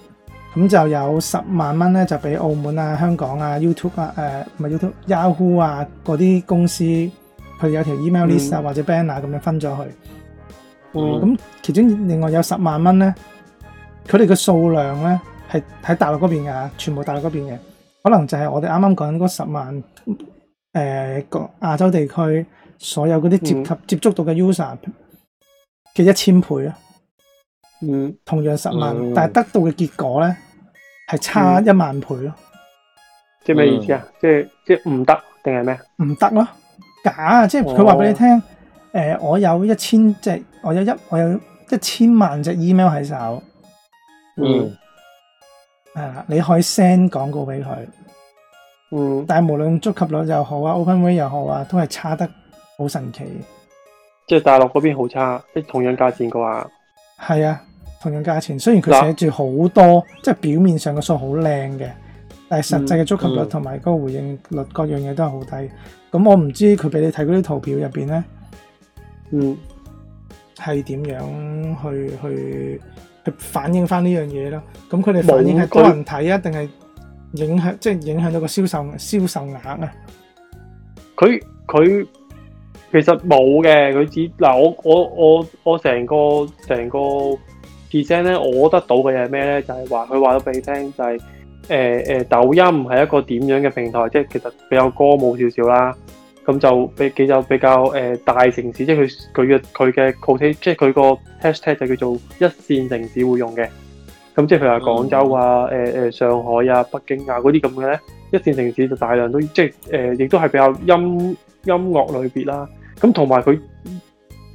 咁就有十萬蚊咧，就俾澳門啊、香港啊、YouTube 啊、誒唔係 YouTube Yahoo 啊嗰啲公司佢有條 email list 啊，或者 banner 咁樣分咗去。哦，
咁
其中另外有十萬蚊咧，佢哋嘅數量咧係喺大陸嗰邊㗎吓，全部大陸嗰邊嘅。可能就係我哋啱啱講緊嗰十萬，誒、呃，個亞洲地區所有嗰啲接觸、嗯、接觸到嘅 user，嘅一千倍咯。嗯，同樣十萬，嗯、但係得到嘅結果咧，係差一萬倍咯。
即係咩意思啊？嗯、即係即係唔得定係咩？
唔得咯，假，即係佢話俾你聽，誒、哦呃，我有一千隻，我有一我有一千萬隻 email 喺手。嗯。嗯啊、你可以 send 廣告俾佢，嗯，但係無論觸及率又好啊，open way 又好啊，都係差得好
神奇。即係大陸嗰邊好差，即同樣價錢嘅話
係啊，同樣價錢，雖然佢寫住好多，啊、即係表面上個數好靚嘅，但係實際嘅觸及率同埋個個回應率各樣嘢都係好低。咁我唔知佢俾你睇嗰啲圖表入面咧，嗯，係、嗯、點、嗯、樣去去？去反映翻呢樣嘢咯，咁佢哋反映係多人睇啊，定係影響即係影響到個銷售銷售額啊？
佢佢其實冇嘅，佢只嗱我我我我成個成個 design 咧，我得到嘅係咩咧？就係話佢話咗俾你聽，就係誒誒抖音唔係一個點樣嘅平台，即係其實比較歌舞少少啦。咁就比佢比較、呃、大城市，即係佢佢嘅佢嘅即係佢個 hashtag 就叫做一線城市會用嘅。咁即係譬如話廣州啊、嗯呃、上海啊、北京啊嗰啲咁嘅咧，一線城市就大量都即係、呃、亦都係比較音音樂類別啦。咁同埋佢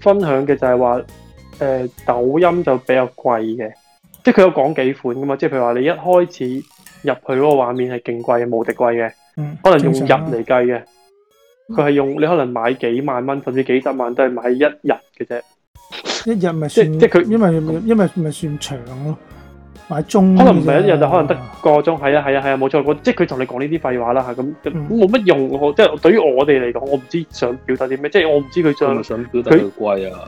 分享嘅就係話、呃、抖音就比較貴嘅，即係佢有講幾款㗎嘛。即係譬如話你一開始入去嗰個畫面係勁貴嘅，無敵貴嘅、嗯，可能用日嚟計嘅。佢係用你可能買幾萬蚊甚至幾十萬都係買一日嘅啫，
一日咪即即係佢因為因為咪算長咯，買鐘、啊、可能唔係一日就
可能得個鐘，係啊係啊係啊冇錯，即係佢同你講呢啲廢話啦吓咁冇乜用、就是、我即係對於我哋嚟講我唔知想表達啲咩，即、就、係、是、我唔知佢想表達佢貴啊，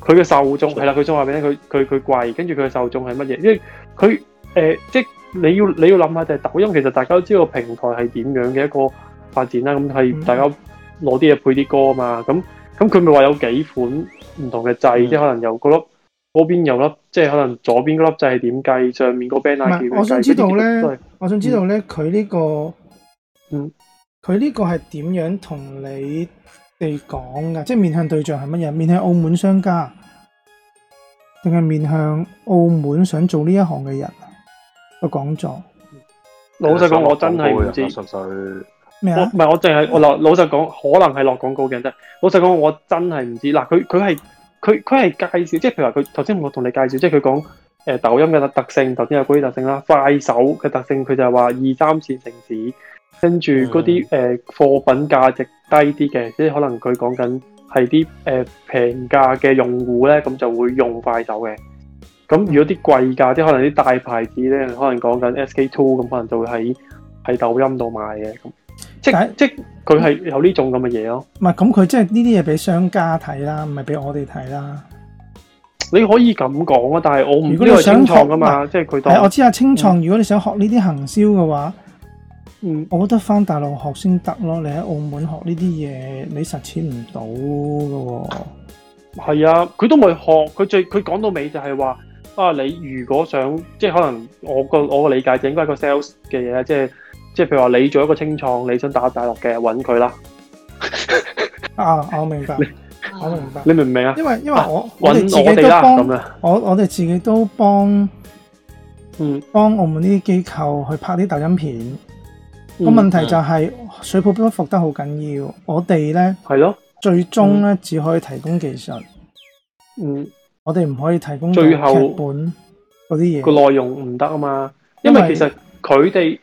佢嘅受眾係啦，佢仲話俾你佢佢佢貴，跟住佢嘅受眾係乜嘢？因為佢誒即係你要你要諗下就係抖音，其實大家都知道平台係點樣嘅一個發展啦，咁係大家。嗯攞啲嘢配啲歌啊嘛，咁咁佢咪話有幾款唔同嘅掣、嗯，即係可能有嗰粒嗰邊有粒，有即係可能左邊嗰粒掣係點計，上面個 band 係點，我想知道咧，
我想知道咧，佢、就是、呢個，嗯，佢呢、呢個係點樣同你哋講嘅？即係面向對象係乜嘢？面向澳門商家，定係面向澳門想做呢一行嘅人、個講座？
老實講、嗯，我真係唔知。純粹。唔係我淨係，嗱，老實講，可能係落廣告嘅啫。老實講，我真係唔知道。嗱，佢佢係佢佢係介紹，即係譬如話佢頭先我同你介紹，即係佢講誒抖音嘅特性，頭先有嗰啲特性啦。快手嘅特性，佢就係話二三線城市，跟住嗰啲誒貨品價值低啲嘅，即係可能佢講緊係啲誒平價嘅用戶咧，咁就會用快手嘅。咁如果啲貴價，即係可能啲大牌子咧，可能講緊 SK Two 咁，可能就會喺喺抖音度買嘅咁。即係、即係即佢係有呢種咁嘅嘢咯。
唔係咁佢即係呢啲嘢俾商家睇啦，唔係俾我哋睇啦。
你可以咁講啊，但係我唔、嗯、如果你想學嘛，即係佢係我知啊。
清創，如果你想學呢啲行銷嘅話，嗯，我覺得翻大陸學先得咯。你喺澳門學呢啲嘢，你實踐唔到
噶。係啊，佢都未學，佢最佢講到尾就係話啊，你如果想即係可能我個我個理解就應該係個 sales 嘅嘢即係。即係譬如話你做一個清創，你想打大陸嘅，搵佢啦。
啊，我明白你，我明白，你明唔明啊？因為因為我，我、啊、哋自己都幫，我我哋自己都幫，嗯，幫澳門啲機構去拍啲抖音片。個、嗯、問題就係、是嗯、水泡都覆得好緊要，我哋咧係咯，最終咧、嗯、只可以提供技術。嗯，我哋唔可以提供本最後本
嗰啲嘢個內容唔得啊嘛，因為，因為其實佢哋。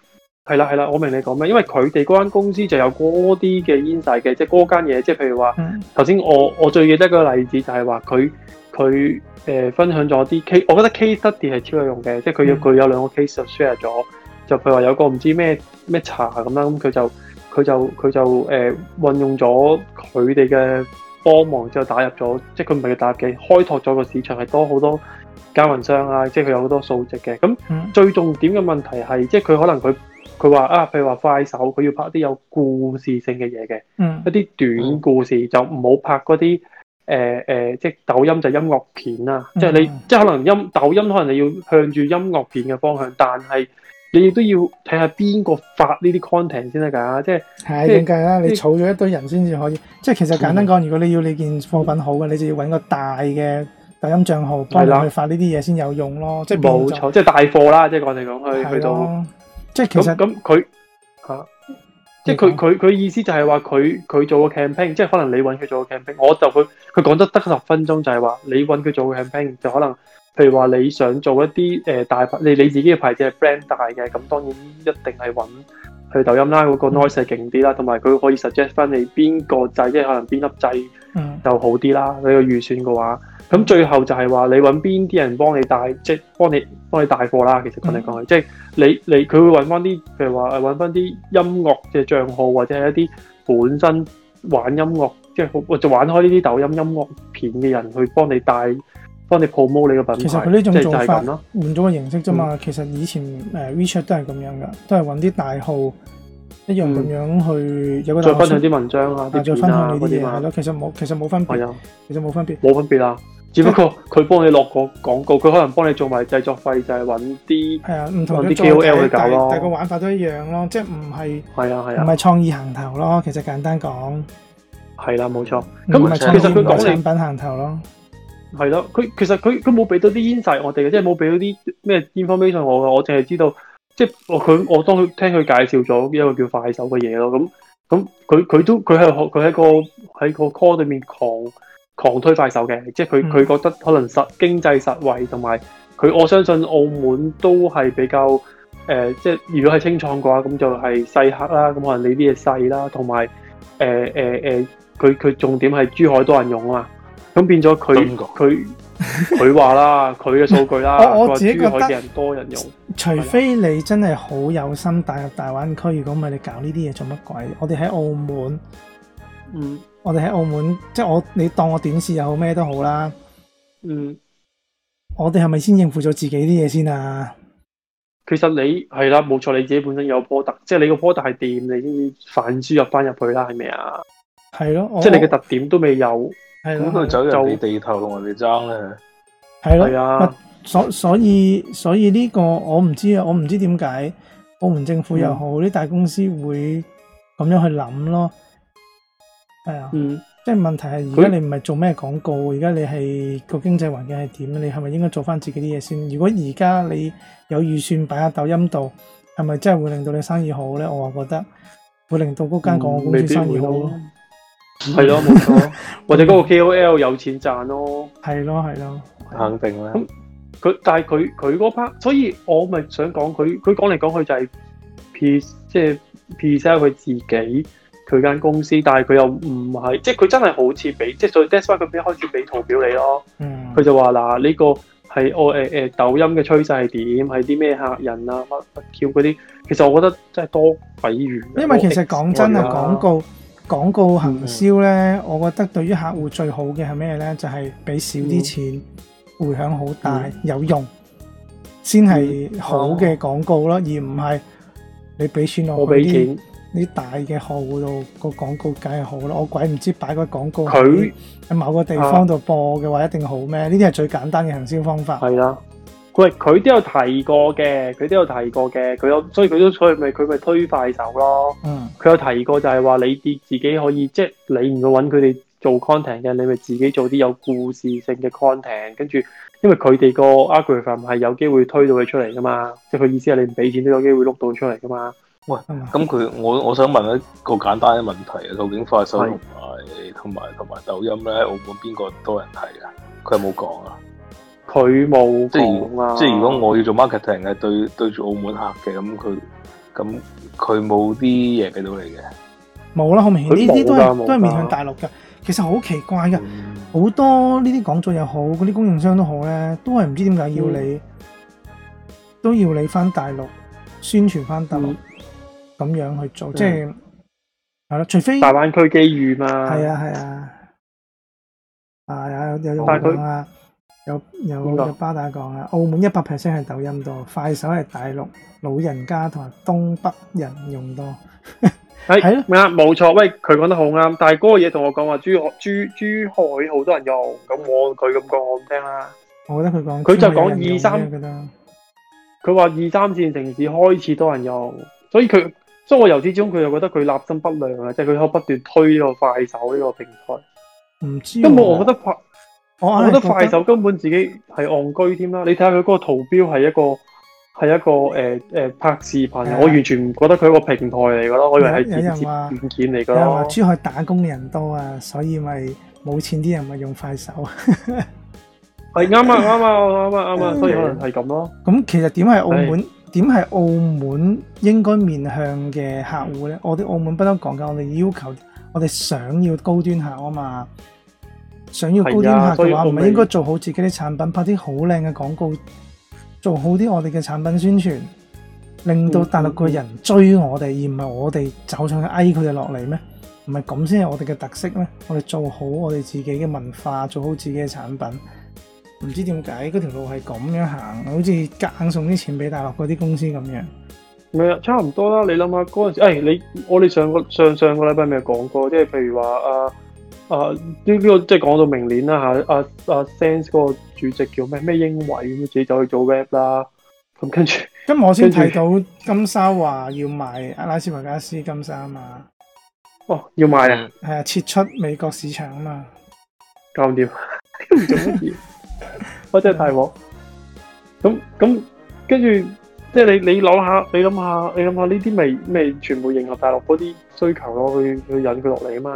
係啦，係啦，我明你講咩，因為佢哋嗰間公司就有嗰啲嘅牽制嘅，即係嗰間嘢，即係譬如話，頭、嗯、先我我最記得個例子就係話佢佢誒分享咗啲 case 我覺得 case study 係超有用嘅，即係佢佢有兩個 case 就 share 咗，就譬如話有個唔知咩咩茶咁啦，咁佢就佢就佢就誒、呃、運用咗佢哋嘅幫忙之後打入咗，即係佢唔係個打入機，開拓咗個市場係多好多加盟商啊，嗯、即係佢有好多數值嘅，咁最重點嘅問題係即係佢可能佢。佢話啊，譬如話快手，佢要拍啲有故事性嘅嘢嘅，一啲短故事、嗯、就唔好拍嗰啲誒誒，即係抖音就音樂片啦、啊嗯。即係你即係可能音抖音可能你要向住音樂片嘅方向，但係你亦都要睇下邊個發呢啲 content 先得㗎。即係係點解咧？你儲
咗一堆人先至可以。嗯、即係其實簡單講，如果你要你件貨品好嘅，你就要揾個大嘅抖音賬號幫佢去發呢啲嘢先有用咯。即
係冇錯，即係大貨啦。是即係講嚟講去，去到。即係其實咁，佢，啊，即係佢佢佢意思就係話佢佢做個 campaign，即係可能你揾佢做個 campaign，我就佢佢講得得十分鐘就係話，你揾佢做個 campaign 就可能，譬如話你想做一啲誒、呃、大你你自己嘅牌子係 brand 大嘅，咁當然一定係揾去抖音啦，嗰個 noise 勁啲啦，同埋佢可以 suggest 翻你邊個掣，即係可能邊粒掣就好啲啦，你個預算嘅話。咁最後就係話你揾邊啲人幫你帶，即、就、係、是、幫你幫你帶貨啦。其實講嚟講去，即、嗯、係、就是、你你佢會揾翻啲，譬如話揾翻啲音樂嘅帳號，或者係一啲本身玩音樂即係或者玩開呢啲抖音音樂片嘅人去幫你帶，幫你 promote 你嘅品牌。其實佢呢種做
法換咗個形式啫嘛、嗯。其實以前誒 WeChat、呃、都係咁樣噶，都係揾啲大號一樣樣去、嗯、有一再分享啲文
章啊，啲片啊嗰啲啊，係咯。
其實冇其實冇分
別，哎、
其實冇分別，冇
分別啊。只不過佢幫你落個廣告，佢可能幫你做埋製作費，就係搵啲係啊，唔同啲 KOL 去搞咯。大個
玩法都一樣咯，即
係唔係係啊係啊，唔係
創意行頭咯。其實簡單講
係啦，冇錯。咁唔係創意其實產品行頭咯，係咯、啊。佢其實佢佢冇俾到啲煙細我哋嘅，即係冇俾到啲咩 information 我。我淨係知道，即係我佢我當佢聽佢介紹咗一個叫快手嘅嘢咯。咁咁佢佢都佢係學佢喺個喺個 call 裏面狂。狂推快手嘅，即係佢佢覺得可能實經濟實惠，同埋佢我相信澳門都係比較誒、呃，即係如果係清創嘅話，咁就係細客啦，咁可能你啲嘢細啦，同埋誒誒誒，佢、呃、佢、呃呃、重點係珠海多人用啊嘛，咁變咗佢佢佢話啦，佢嘅數據啦， 我我自己覺得珠海嘅人多人用，除
非你真係好有心打入大灣區，如果唔係你搞呢啲嘢做乜鬼？我哋喺澳門。嗯，我哋喺澳門，即係我你當我短視又好咩都好啦。嗯，我哋係咪先應付咗自己啲嘢先啊？
其實你係啦，冇錯，你自己本身有波特，即係你個波特係掂，你已經反輸入翻入去啦，係咪啊？
係咯，即係你嘅
特點都未有，咁就走入地頭同人哋爭咧。
係咯，所以所以所以呢個我唔知啊，我唔知點解澳門政府又好啲、嗯、大公司會咁樣去諗咯。係啊、嗯，即係問題係，而家你唔係做咩廣告，而家你係個經濟環境係點？你係咪應該做翻自己啲嘢先？如果而家你有預算擺喺抖音度，係咪真係會令到你生意好咧？我話覺得會令到嗰間廣告公司生意好咯，係、嗯、咯， 冇
錯 或者嗰個 KOL 有錢賺咯，係咯係咯，肯定啦。咁佢但係佢佢嗰 part，所以我咪想講佢佢講嚟講去就係 P 即係 P 晒佢自己。佢間公司，但係佢又唔係，即係佢真係好似俾，即係所以 data 佢俾開始俾圖表你咯。嗯，佢就話嗱，呢、啊這個係我誒誒抖音嘅趨勢係點，係啲咩客人啊乜乜叫嗰啲。其實我覺得真係多鬼餘。因為其實講真啊，廣
告廣告行銷咧、嗯，我覺得對於客戶最好嘅係咩咧？就係、是、俾少啲錢，回、嗯、響好大、嗯，有用先係好嘅廣告咯，嗯啊、而唔係你俾錢我。啲大嘅號度個廣告梗係好咯，我鬼唔知擺個廣告喺某個地方度播嘅話一定好咩？呢啲係最簡單嘅行銷方法。
係啦、啊，佢，佢都有提過嘅，佢都有提過嘅，佢有，所以佢都所以咪佢咪推快手咯。嗯，佢有提過就係話你啲自己可以，即係你唔會揾佢哋做 content 嘅，你咪自己做啲有故事性嘅 content，跟住因為佢哋個 algorithm 係有機會推到佢出嚟噶嘛，即係佢意思係你唔俾錢都有機會碌到出嚟噶嘛。喂，咁
佢我我想問一個簡單嘅問題啊，究竟快手同埋同埋同埋抖音咧，澳門邊個多人睇啊？佢有冇講啊？
佢冇即係
即係如果我要做 marketing 係、嗯、對對住澳門客嘅，咁佢咁佢冇啲嘢俾到你嘅，
冇啦，好明顯呢啲都係都係面向大陸嘅。其實好奇怪嘅，好、嗯、多呢啲講座又好，嗰啲供應商都好咧，都係唔知點解要你、嗯、都要你翻大陸宣傳翻大陸。咁樣
去做，即係係咯，除非大灣區機遇嘛，係啊係啊，
啊有有有香港啊，有有有巴打講啊，澳門一百 percent 係抖音多，快手係大陸老人家同埋東北人用多，
係啊冇錯。喂，佢講得好啱，但係嗰個嘢同我講話，珠珠珠海好多人用，咁我佢咁講我唔聽啦。我覺得佢講，佢就講二三，佢話二三線城市開始多人用，所以佢。所以我由始終佢就覺得佢立心不良啊，即係佢可以不斷推呢個快手呢個平台。唔
知道、啊，因為我覺得
快，我覺得快手根本自己係戇居添啦。你睇下佢嗰個圖標係一個係一個誒誒、呃呃、拍視頻，我完全唔覺得佢係一個平台嚟噶咯。我以為係有人話軟件嚟㗎。有人話珠
海打工嘅人多啊，所以咪冇錢啲人咪用快手。
係 啱啊啱啊啱啊啱啊，啊，啊，所以可能係咁咯。
咁、嗯、其實點解係澳門是？點係澳門應該面向嘅客戶呢？我哋澳門不嬲講嘅，我哋要求，我哋想要高端客啊嘛，想要高端客嘅話，唔係、啊、應該做好自己啲產品，拍啲好靚嘅廣告，做好啲我哋嘅產品宣傳，令到大陸嘅人追我哋，而唔係我哋走上去挨佢哋落嚟咩？唔係咁先係我哋嘅特色咩？我哋做好我哋自己嘅文化，做好自己嘅產品。唔知點解嗰條路係咁樣行，好似夾硬送啲錢俾大陸嗰啲公司咁樣。
唔係、哎、啊，差唔多啦。你諗下嗰陣時，誒，你我哋上個上上個禮拜咪講過，即係譬如話啊啊呢呢個即係講到明年啦吓，阿、啊、阿、啊啊、Sense 個主席叫咩咩英偉咁啊，自己走去做 rap 啦、啊。咁跟住，咁我先睇到
金沙話要賣阿拉斯維加斯金沙啊。哦，要賣啊？係啊，撤出美國市場啊嘛。
搞唔掂。 我、啊、真係大鑊，咁咁跟住，即係你你諗下，你諗下，你諗下呢啲咪咩全部迎合大陸嗰啲需求咯，去去引佢落嚟啊嘛。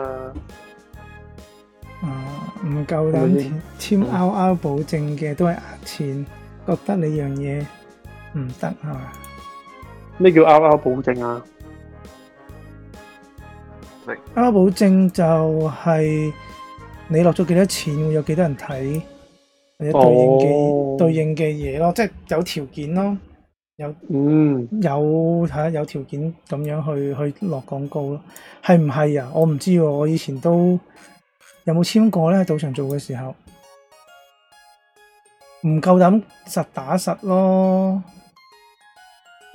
啊，唔夠膽簽 out 保證嘅、嗯、都係呃錢，覺得你樣嘢唔得係嘛？
咩叫 o u 保證啊？
o u 保證就係你落咗幾多錢，會有幾多人睇？或者對應嘅、oh. 對應嘅嘢咯，即係有條件咯，有嗯、mm. 有睇下、啊、有條件咁樣去去落廣告咯，係唔係啊？我唔知喎，我以前都有冇簽過咧，賭場做嘅時候，唔夠膽實打實咯，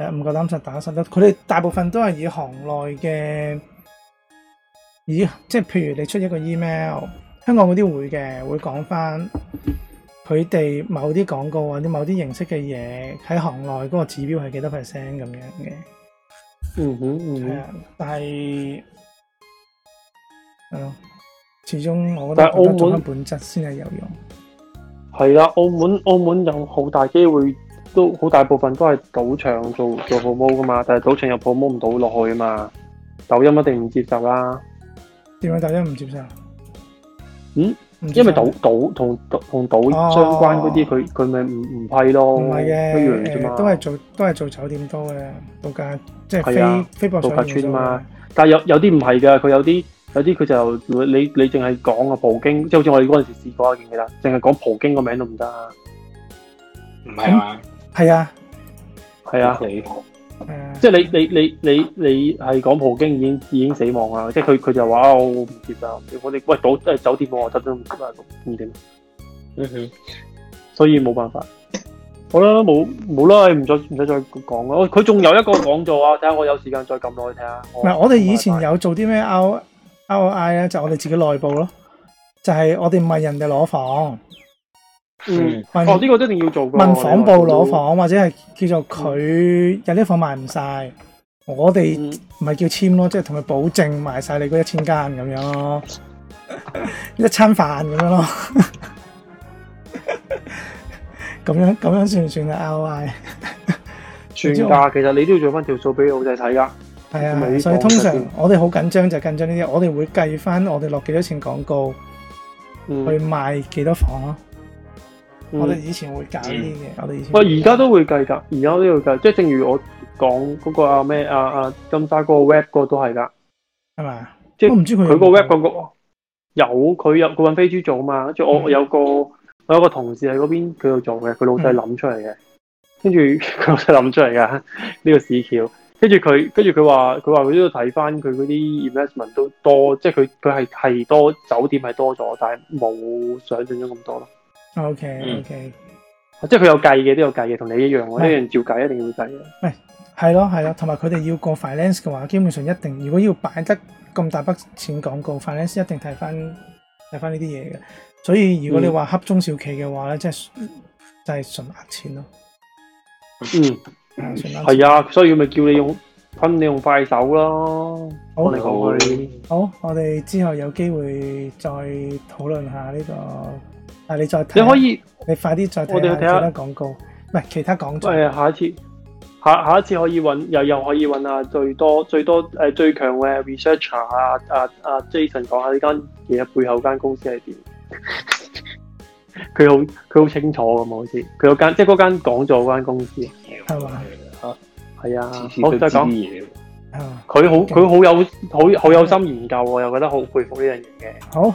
誒唔夠膽實打實得。佢哋大部分都係以行內嘅，咦？即係譬如你出一個 email，香港嗰啲會嘅會講翻。佢哋某啲廣告或者某啲形式嘅嘢喺行內嗰個指標係幾多 percent 咁樣嘅，嗯哼、嗯哼但係，係、嗯、咯，始終我覺得，但係澳門嘅本質先係有用，
係啦，澳門澳門有好大機會，都好大部分都係賭場做做 promo 噶嘛，但係賭場入 promo 唔到落去啊嘛，抖音一定唔接受啦，
點解抖音唔接受，嗯？
因為賭賭同同賭相關嗰啲，佢佢咪唔唔批咯，唔係嘅，都
係做都係做酒店多嘅度假，即係飛飛博度假村嘛。
但係有有啲唔係噶，佢有啲有啲佢就你你淨係講啊葡京，即係好似我哋嗰陣時試過一件嘢啦，淨係講葡京個名都唔得，啊啊
嗯，唔係嘛？
係啊，係啊。即係你你你你你係講普京已經已經死亡啊！即係佢佢就話我唔接啦，我哋喂酒即係酒店房我執咗唔知點，所以冇辦法好啦，冇冇啦，唔再唔使再講啦。佢仲有一個講座啊，睇下我有時間再撳落去睇下。唔係我
哋以前有做啲咩 out out i 啊？就我哋自己內部咯，就係我哋唔係人哋攞房。嗯問，哦，呢、這個
一定要做。問房部攞房，
或者係叫做佢、嗯、有啲房賣唔晒，我哋咪叫簽咯，即係同佢保證賣晒你嗰、嗯、 一千間咁樣咯，一餐飯咁樣咯。咁樣咁樣算唔算係 L O I？
算噶，其實你都要做翻條數俾我仔睇噶。係啊，所以通常
我哋好緊張就係緊張呢啲，我哋會計翻我哋落幾多錢廣告、嗯、去賣幾多房咯。我哋以前
會計啲嘅，我哋以前我而家都會計噶，而家都要計，即正如我講嗰個啊咩啊，啊金沙嗰個 Web，嗰個都係噶，係咪？即我唔知佢佢個 Web 廣告有佢有佢揾飛豬做啊嘛，即、嗯、係我有個我有個同事喺嗰邊佢度做嘅，佢老細諗出嚟嘅，跟住佢老細諗出嚟噶呢個市橋，跟住佢跟住佢話佢話佢呢度睇翻佢嗰啲 investment 都多，即係佢佢係係，多酒店係多咗，但係冇想象中咁多咯。O K O K，即係佢有計嘅，都有計嘅，同你一樣，喎，一樣照計，一定要計
嘅。喂、哎，係咯係咯，同埋佢哋要過 finance 嘅話，基本上一定，如果要擺得咁大筆錢廣告，finance 一定睇翻睇翻呢啲嘢嘅。所以如果你話恰中小企嘅話咧，即係即係純呃錢咯。嗯，
係、就是嗯、啊純額錢，係啊，所以咪叫你用，分你用快手咯。好，好，
好，我哋之後有機會再討論下呢、這個。啊！你再睇你可以，你快啲再我哋睇下其他廣告，唔係其
他講座。誒，下一次，下下一次可以揾又又可以揾下最多最多誒、呃、最強嘅 researcher 啊！啊啊！Jason 講下呢間嘢背後間公司係點？佢好佢好清楚㗎嘛？我好似佢有間即係嗰間講座嗰間公司係嘛？啊，係啊！好，再講。佢、嗯、
好佢好
有好好有心研究，我又覺得好佩服呢樣嘢嘅。好。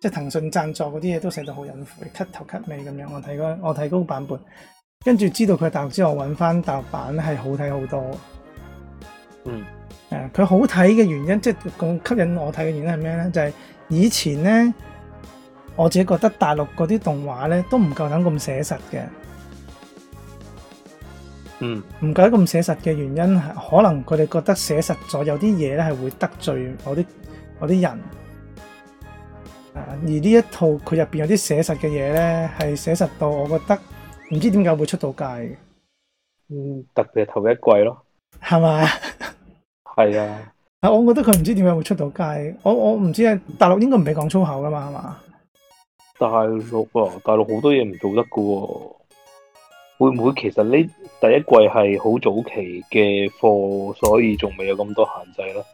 即係騰訊贊助嗰啲嘢都寫得好隱晦，cut 頭 cut 尾咁樣。我睇嗰我睇嗰個版本，跟住知道佢大陸之後，揾翻大陸版係好睇好多的。嗯，誒、啊，佢好睇嘅原因，即係更吸引我睇嘅原因係咩咧？就係、是、以前咧，我自己覺得大陸嗰啲動畫咧都唔夠膽咁寫實嘅。嗯，唔夠膽咁寫實嘅原因，可能佢哋覺得寫實咗有啲嘢咧係會得罪嗰啲啲人。而呢一套佢入邊有啲寫實嘅嘢咧，係寫實到我覺得唔知點解會出到街。
嗯，特別係頭一季咯，係咪？係啊。
啊，我覺得佢唔知點解會出到街。我我唔知啊，大陸應該唔俾講粗口噶嘛，係嘛？
大陸啊，大陸好多嘢唔做得噶喎。會唔會其實呢第一季係好早期嘅貨，所以仲未有咁多限制咧？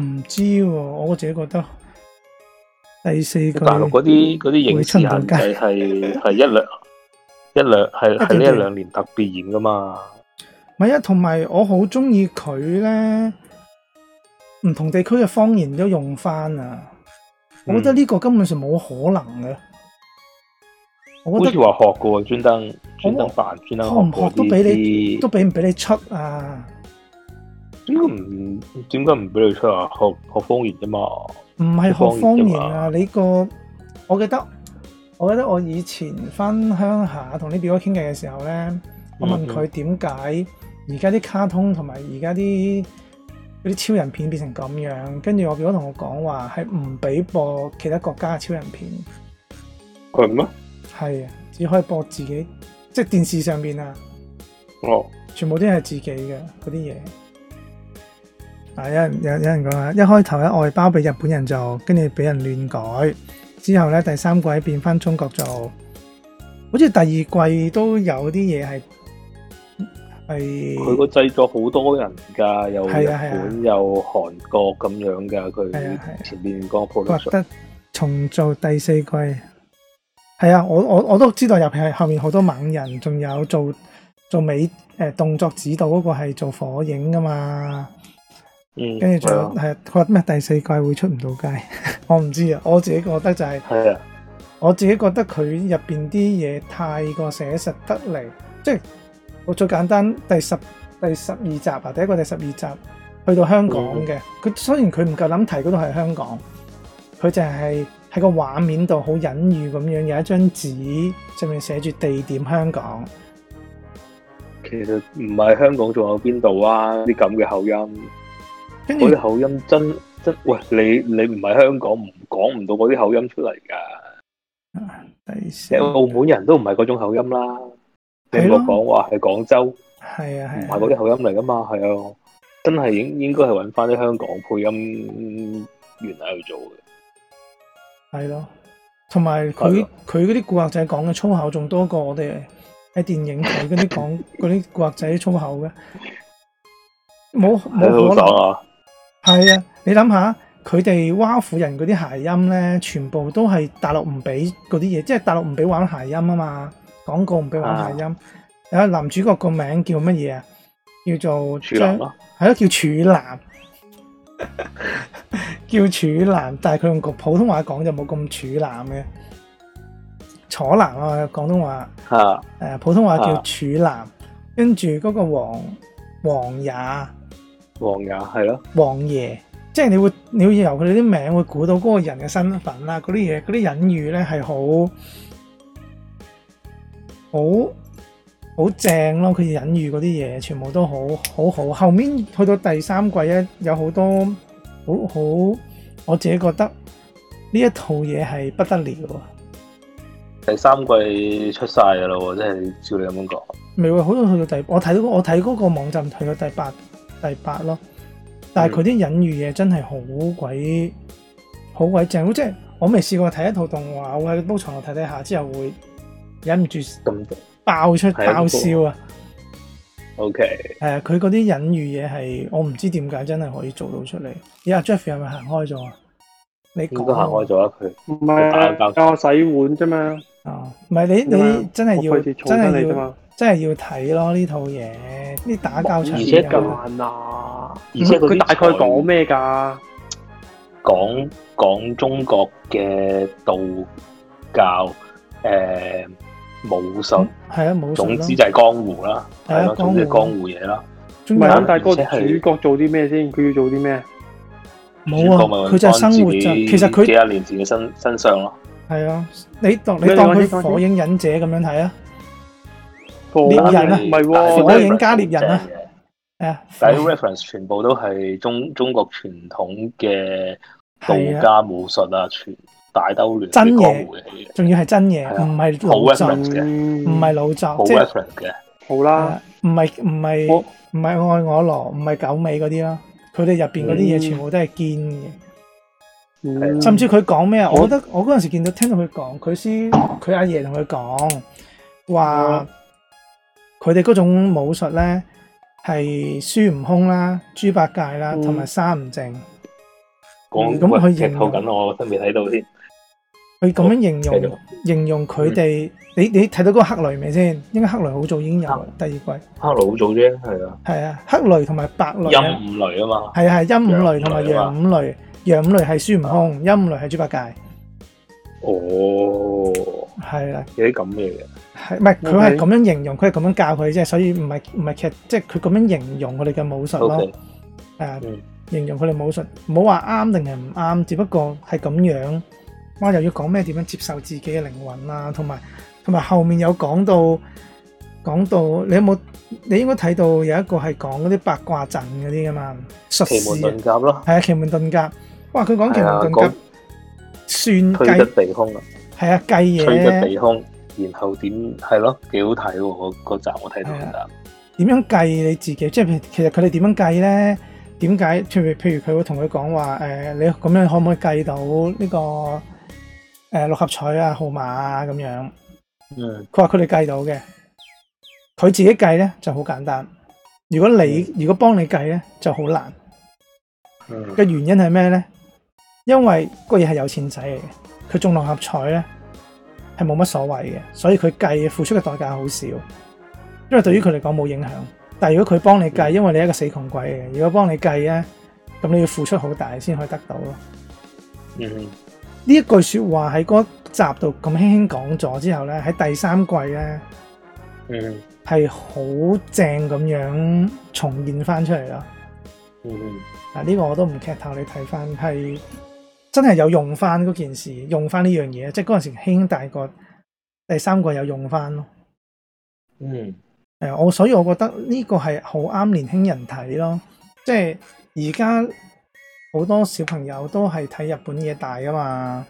唔知啊，我自己覺得。第四句，大陸嗰啲
嗰啲影視係係一兩 一兩係係呢一兩年特別嚴噶嘛？
唔係啊，同埋我好中意佢咧，唔同地區嘅方言都用翻
啊！我覺得呢
個根本上冇可能嘅。
好似話學嘅專登專登扮專登學，唔學,學都俾你都
俾唔俾你出啊？點
解唔點解唔俾你出啊？學學方言啫嘛。唔係學方言
啊，啊！你個我記得，我記得我以前翻鄉下同啲表哥傾偈嘅時候咧，我問佢點解而家啲卡通同埋而家啲啲超人片變成咁樣？跟住我表哥同我講話係唔俾播其他國家嘅超人片。
佢係咩？
係，只可以播自己，即係電視上邊啊！哦，全部都係自己嘅嗰啲嘢。啊！有有有人講啦，一開頭一外包俾日本人就跟住俾人亂改，之後咧第三季變翻中國，就好似第二季都有啲嘢係係佢個
製作好多人㗎，有日本、啊啊、有韓國咁樣㗎。佢係啊係前邊講 production
重做第四季係啊，我我我都知道入面係後面好多猛人，仲有做做美誒、呃、動作指導嗰個係做火影㗎嘛。
嗯，跟住仲有，
係覺得咩第四季會出唔到街？我唔知啊，我覺得、就係、啊，我自己覺得就係，我自己覺得佢入邊啲嘢，太過寫實得嚟，即係我最簡單第十第十二集啊，第一個第十二集去到香港嘅，佢、嗯、雖然佢唔夠膽提嗰度係香港，佢就係喺個畫面度好隱喻咁樣，有一張紙上面寫住地點香港。
其實唔係香港，仲有邊度啊？啲咁嘅口音。嗰啲口音真真喂，你你唔係香港，唔講唔到嗰啲口音出嚟噶。成澳門人都唔係嗰種口音啦。你我講話係廣州，係啊係，唔係嗰啲口音嚟噶嘛？係啊，真係應應該係揾翻啲香港配音員嚟去做
嘅。係咯，同埋佢佢嗰啲古惑仔講嘅粗口仲多過我哋喺電影睇嗰啲講嗰啲古惑仔粗口嘅。冇冇可能？係啊，你諗下，佢哋蛙虎人嗰啲諧音咧，全部都係大陸唔俾嗰啲嘢，即係大陸唔俾玩諧音啊嘛，廣告唔俾玩諧音。啊，男主角個名叫乜嘢啊，啊？叫做處男咯，係咯，叫處男，叫處男，但係佢用個普通話講就冇咁處男嘅，楚南啊，廣東話，啊，誒，普通話叫處男，跟住嗰個黃黃也。王爺係咯，王爺，即係你會你會由佢哋啲名會估到嗰個人嘅身份啦，嗰啲嘢嗰啲隱喻咧係好好好正咯。佢隱喻嗰啲嘢，全部都好好好。後面去到第三季咧，有好多好好，我自己覺得呢一套嘢係不得了
啊。第三季出晒噶啦，即係照你咁樣講，
未喎？好到去到第，我睇到我睇嗰個網站去到第八。第八咯，但係佢啲隱喻嘢真係好鬼好鬼正，即係我未試過睇一套動畫，我喺屋藏度睇睇下之後會忍唔住爆出爆笑啊！OK，誒，佢嗰啲隱喻嘢係我唔知點解真係可以做到出嚟。而家 Jeffrey 係咪行開咗？啊？是是你
講啊！行開咗啊？佢，唔係啊！教我洗碗啫嘛。啊、哦，
唔係你你真係要真係要。真係要睇咯呢套嘢，啲打交場而且慢
啊！而且佢、嗯、大概講咩噶？講
講中國嘅道教誒、呃、武術係、嗯、啊，
武總之就
係江湖啦，係咯、啊，總之、啊、江湖嘢、啊、啦。
唔係啊，大哥，主角做啲咩先？佢要做啲咩？冇啊，佢就係生活，其實佢幾啊年前嘅身身上咯。
係啊，你當你當佢火影忍者咁樣睇啊？
獵人啊，唔係喎，火影、哦、加獵人啊，
係啊，啲
reference 全部都係中中國傳統嘅道家武術啊，全大兜亂江湖嘢，
仲要係真嘢，唔係老作嘅，唔係老作，好 reference 嘅，好啦，唔係唔係唔係愛我羅，唔係九尾嗰啲啦。佢哋入邊嗰啲嘢全部都係堅嘅，甚至佢講咩啊？我覺得我嗰陣時見到聽到佢講，佢先佢阿爺同佢講話。佢哋嗰種武術咧，係孫悟空啦、豬八戒啦，同、嗯、埋沙悟淨。
講咁佢形容緊我，我先未睇到先。
佢咁樣形容，哦、形容佢哋、嗯。你你睇到嗰個黑雷未先，嗯？應該黑雷好早已經有啦，第二季。黑雷
好早啫，係啊。
係啊，黑雷同埋白雷，雷，雷，和雷。陰
五雷啊嘛。係啊
係，陰五雷同埋陽五雷。陽五雷係孫悟空，陰五雷係豬八戒。
哦，係啦，有啲咁嘅嘢，
係唔係佢係咁樣形容，佢係咁樣教佢即係，所以唔係唔係其實即係佢咁樣形容佢哋嘅武術咯，誒，形容佢哋武術，唔好話啱定係唔啱，只不過係咁樣。哇，又要講咩？點樣接受自己嘅靈魂啊？同埋同埋後面有講到講到，你有冇？你應該睇到有一個係講嗰啲八卦陣嗰啲噶嘛？術士遁甲咯，係啊，奇門遁甲。哇，佢講奇門遁甲。算計推得鼻空是啊！係啊，計嘢推得鼻
空，然後點係咯，幾、啊、好睇喎！我嗰集我睇到咁難。
點、啊、樣計你自己？即係其實佢哋點樣計咧？點解？譬如譬如佢會同佢講話誒，你咁樣可唔可以計到呢、這個誒六、呃、合彩啊號碼啊咁樣？
嗯，佢
話佢哋計到嘅，佢自己計咧就好簡單。如果你、嗯、如果幫你計咧就好難。嘅、嗯、原因係咩咧？因為嗰嘢係有錢仔嚟嘅，佢中六合彩咧係冇乜所謂嘅，所以佢計付出嘅代價好少，因為對於佢嚟講冇影響。但係如果佢幫你計，因為你係一個死窮鬼嘅，如果幫你計咧，咁你要付出好大先可以得到咯。嗯，呢一句說話喺嗰集度咁輕輕講咗之後咧，喺第三季咧，嗯，係好正咁樣重現翻出嚟咯。嗯，嗱，呢個我都唔劇透，你睇翻係。真係有用翻嗰件事，用翻呢樣嘢，即係嗰陣時興大個，第三個有用翻咯。嗯，誒，我所以我覺得呢個係好啱年輕人睇咯。即係而家好多小朋友都係睇日本嘢大啊嘛，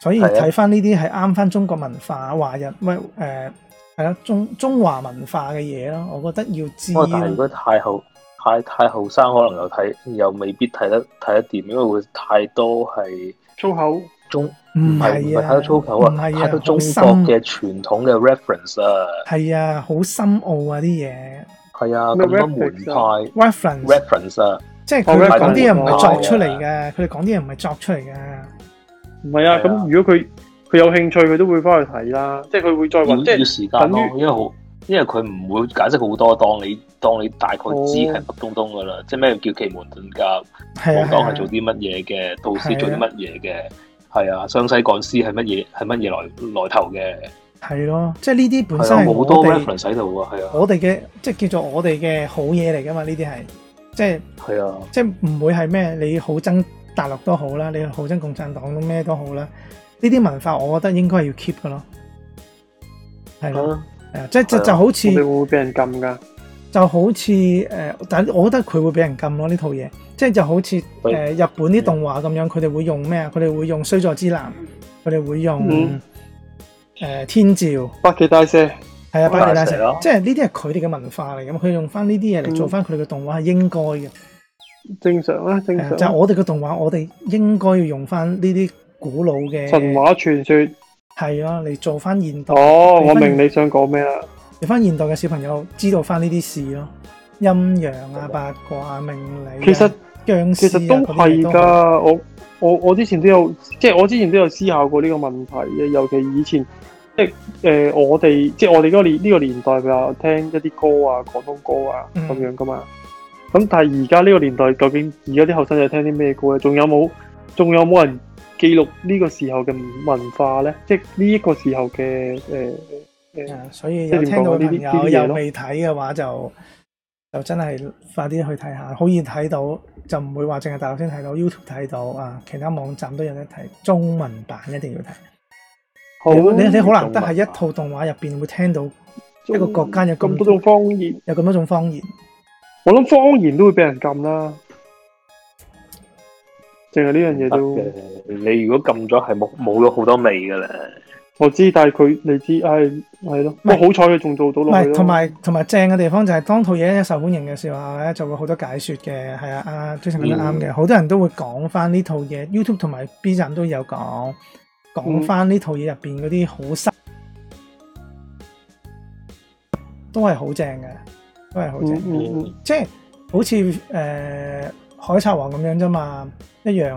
所以睇翻呢啲係啱翻中國文化、華人，喂、呃、誒，係咯，中中華文化嘅嘢咯。我覺得要知道。我如果
太好。太太後生可能又睇又未必睇得睇得掂，因為會太多係
粗口中
唔係唔係太多粗口啊，太到、啊、中國嘅傳統嘅 reference 啊，
係啊，好深奧啊啲
嘢係啊，咁多門派 reference reference 啊，即係佢哋講啲嘢唔係
作出嚟嘅，佢哋講啲嘢唔係作出嚟嘅，
唔係啊，咁、啊、如果佢佢有興趣，佢都會翻去睇啦，即係佢會再揾，啲係要時間咯，因為好。因為佢唔會解
釋好多，當你當你大概知係乜東東噶啦，Oh. 即係咩叫奇門遁甲，武當係做啲乜嘢嘅，道士做啲乜嘢嘅，係啊，湘、啊啊啊啊、西干屍係乜嘢，係乜嘢來來頭嘅，
係咯、啊，即係呢啲本身好多 reference
喺度係啊，我
哋嘅、啊啊、即係叫做我哋嘅好嘢嚟噶嘛，呢啲係即係係啊，即係唔會係咩，你好憎大陸都好啦，你好憎共產黨咩都，都好啦，呢啲文化我覺得應該係要 keep 噶咯，係
咯、啊。嗯即係就是、就好似、啊，我哋會俾人禁噶，
就好似誒，但、呃、係我覺得佢會俾人禁咯呢套嘢，即、就、係、是、就好似誒、呃、日本啲動畫咁樣，佢哋會用咩啊？佢哋會,會用《須佐之男》呃，佢哋會用誒天照、
八岐大蛇，係啊，八岐大蛇、啊，
即係呢啲係佢哋嘅文化嚟咁，佢用翻呢啲嘢嚟做翻佢哋嘅動畫係應該嘅，正常啦、啊，正常、啊。就係、我哋嘅動畫，我哋應該要用翻呢啲古老嘅神
話傳說。係啊，你做翻現代。哦，我明你想講咩啦。
你翻現代嘅小朋友知道翻呢啲事咯，陰陽啊、八卦啊、命理、啊。其實、啊、其實是都係噶，
我我我之前都有，即係我之前都有思考過呢個問題嘅。尤其以前，即係誒、呃，我哋即係我哋嗰個年呢個年代啊，聽一啲歌啊，廣東歌啊咁、嗯、樣噶嘛。咁但係而家呢個年代，究竟而家啲後生仔聽啲咩歌咧？仲有冇？仲有冇人？記錄呢個時候嘅文化呢，即係呢一個時候嘅誒、呃呃，
所以有聽到嘅朋友又未睇嘅話就，就就真係快啲去睇下，好易睇到，就唔會話淨係大陸先睇到 YouTube 睇到啊，其他網站都有得睇，中文版一定要睇。
好，你你好難得喺
一套動畫入邊會聽到一個國家有咁多種方言，有咁多種方言，
我諗方言都會俾人禁啦。淨係呢樣嘢都，
你如果撳咗係冇冇咗好多味噶
啦。我知，但係佢你知，係係咯。不過好彩佢仲做到落去。唔係，同埋同埋正
嘅地方就係當套嘢受歡迎嘅時候咧，就會好多解說嘅，係啊，阿朱成文都啱嘅，好、嗯、多人都會講翻呢套嘢。YouTube 同埋 B 站都有講，講翻呢套嘢入邊嗰啲好新，都係好正嘅，都係、嗯就是、好正。即係好似誒。海賊王咁樣啫嘛，一樣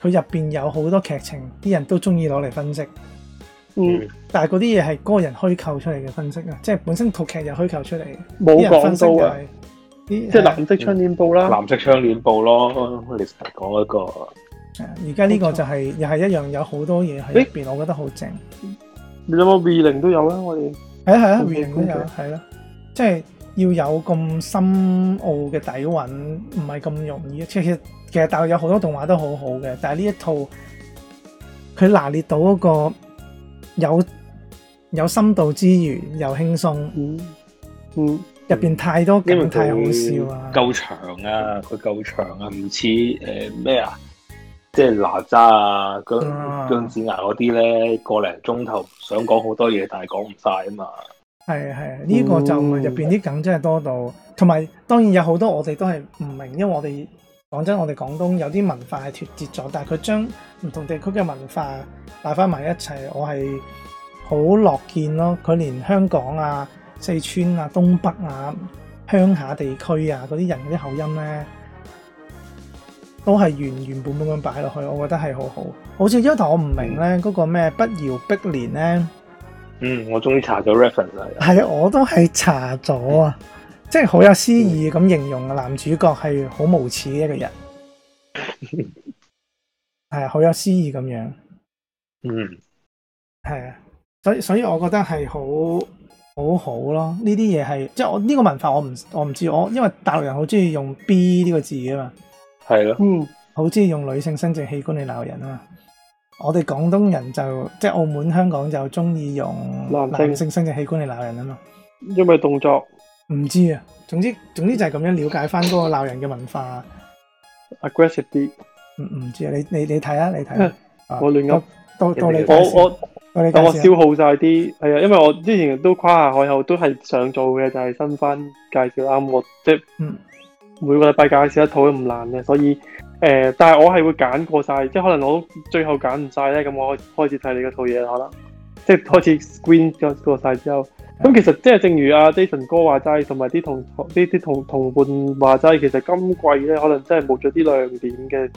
佢入邊有好多劇情，啲人都中意攞嚟分析。嗯，但係嗰啲嘢係個人虛構出嚟嘅分析啊，即係本身套劇又虛構出嚟。冇講到啊，啲、就是
欸、即係藍色窗簾布啦，藍、嗯、色窗簾布咯，我哋成日
講一個。
而家呢個就係又係一樣有好多嘢喺入邊，我覺得好正。
你有冇 V 零都有啦，我哋，係啊係啊，V 零都有，係咯、
啊，即係。要有咁深奧嘅底蘊，唔係咁容易。其實其實大陸有好多動畫都好好嘅，但係呢一套佢拿捏到嗰個有有深度之餘又輕鬆。嗯嗯，入邊太多梗太好笑了，
夠長啊！佢夠長啊，唔似誒咩啊？即係哪吒啊、姜姜子牙嗰啲咧，個零鐘頭想講好多嘢，但係講唔晒啊嘛。
係係，呢、這個就入邊啲梗真係多到，同、哦、埋當然有好多我哋都係唔明，因為我哋講真，我哋廣東有啲文化係脫節咗，但係佢將唔同地區嘅文化擺翻埋一齊，我係好樂見咯。佢連香港啊、四川啊、東北啊、鄉下地區啊嗰啲人嗰啲口音呢，都係原原本本咁樣擺落去，我覺得係好好。好似一頭我唔明呢嗰、那個咩不搖碧蓮呢。
嗯，我終於查咗 reference 啦，係
啊，我都係查咗啊，即係好有詩意咁形容啊，男主角係好無恥嘅一個人，係啊，嗯，好有詩意咁樣，嗯，係啊，所以所以我覺得係好好好咯，呢啲嘢係即係我呢個文化我唔我唔知，我，知道我因為大陸人好中意用 B 呢個字啊嘛，係咯，嗯，好中意用女性生殖器官嚟鬧人啊嘛。我哋廣東人就即係澳門、香港就鍾意用男性性嘅器官嚟鬧人啊嘛！
因為動作
唔知啊，總之總之就係咁樣了解翻嗰個鬧人嘅文化。
Aggressive 啲，唔唔
知啊！你你你睇啊！你睇啊！我亂噏，到到你我到你我等我，我消
耗曬啲係啊！因為我之前都跨下海口，都係想做嘅，就係、是、新番介紹啱我，即、就、係、是、每個禮拜介紹一套都唔難嘅、嗯，所以。誒、呃，但係我係會揀過晒，即係可能我最後揀唔晒咧，咁我開始睇你嗰套嘢可能，即係開始 screen 咗過晒之後，咁其實即係正如阿 Jason 哥話齋，同埋啲同啲啲同同伴話齋，其實今季咧可能真係冇咗啲亮點嘅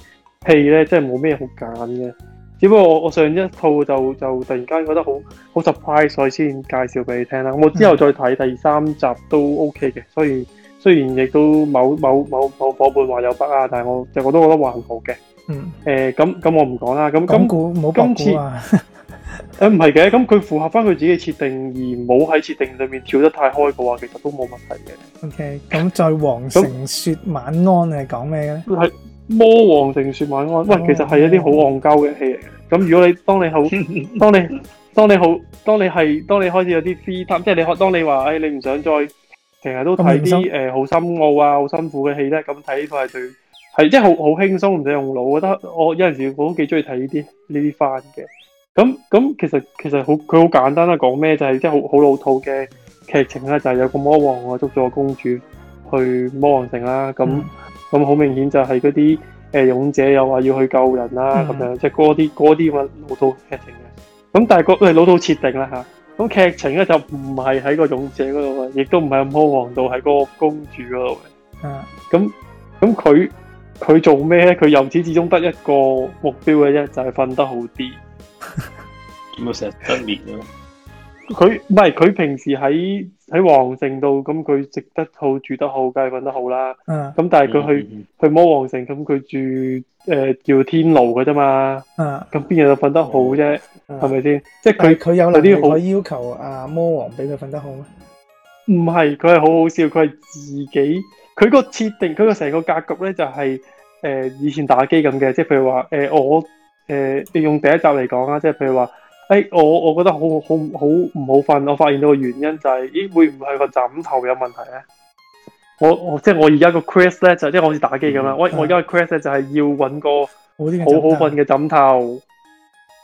戲咧，真係冇咩好揀嘅。只不過我，我上一套就就突然間覺得好好 surprise，所以先介紹俾你聽啦。我之後再睇第三集都 OK 嘅，所以。雖然亦都某某某某夥伴話有筆啊，但係我就我都覺得還好嘅。嗯，誒咁咁我唔講啦。咁金股冇白股啊？誒唔係嘅，咁佢符合翻佢自己設定，而冇喺設定裏面跳得太開嘅話，其實都冇問題嘅。
OK，咁在王城說晚安你係講咩咧？
係魔王城說晚安。喂，其實係一啲好戇鳩嘅戲嚟嘅。咁如果你當你好，當你當你好，當你係當你開始有啲 free time，即係你當你話誒，你唔想再。成日都睇啲誒好深奧啊，好辛苦嘅戲咧，咁睇呢套係最係即係好好輕鬆，唔使用腦。我覺得我有陣時我都幾中意睇呢啲呢啲番嘅。咁咁其實其實好佢好簡單啦，講咩就係即係好好老套嘅劇情啦，就係有個魔王啊捉咗個公主去魔王城啦。咁咁好明顯就係嗰啲誒勇者又話要去救人啦，咁樣即係嗰啲嗰啲咁嘅老套劇情嘅。咁但係個係老套設定啦吓。咁劇情咧就唔係喺個勇者嗰度嘅，亦都唔係魔王度，喺個公主嗰度嘅。嗯，咁咁佢佢做咩咧？佢由始至終得一個目標嘅啫，就係、是、瞓得好啲。
咪成日失眠咯。
佢唔係佢平時喺。喺皇城度，咁佢食得好住得好，梗係瞓得好啦。
咁、啊、但係佢去、嗯、佢
去魔王城，咁佢住誒、呃、叫天牢嘅啫嘛。咁邊個瞓得好啫？係咪先？即係佢佢有能力
要求啊魔王俾佢瞓得好咩？
唔係，佢係好好笑。佢係自己，佢個設定，佢個成個格局咧就係、是、誒、呃、以前打機咁嘅。即係譬如話誒、呃、我誒、呃、你用第一集嚟講啊，即係譬如話。誒、哎，我我覺得好好好唔好瞓。我發現到個原因就係、是，咦，會唔會係個枕頭有問題咧？我我即係我而家個 quest 咧就是、即係我好似打機咁樣啦。我我而家、就是、個 quest 咧就係要搵個好好瞓嘅枕頭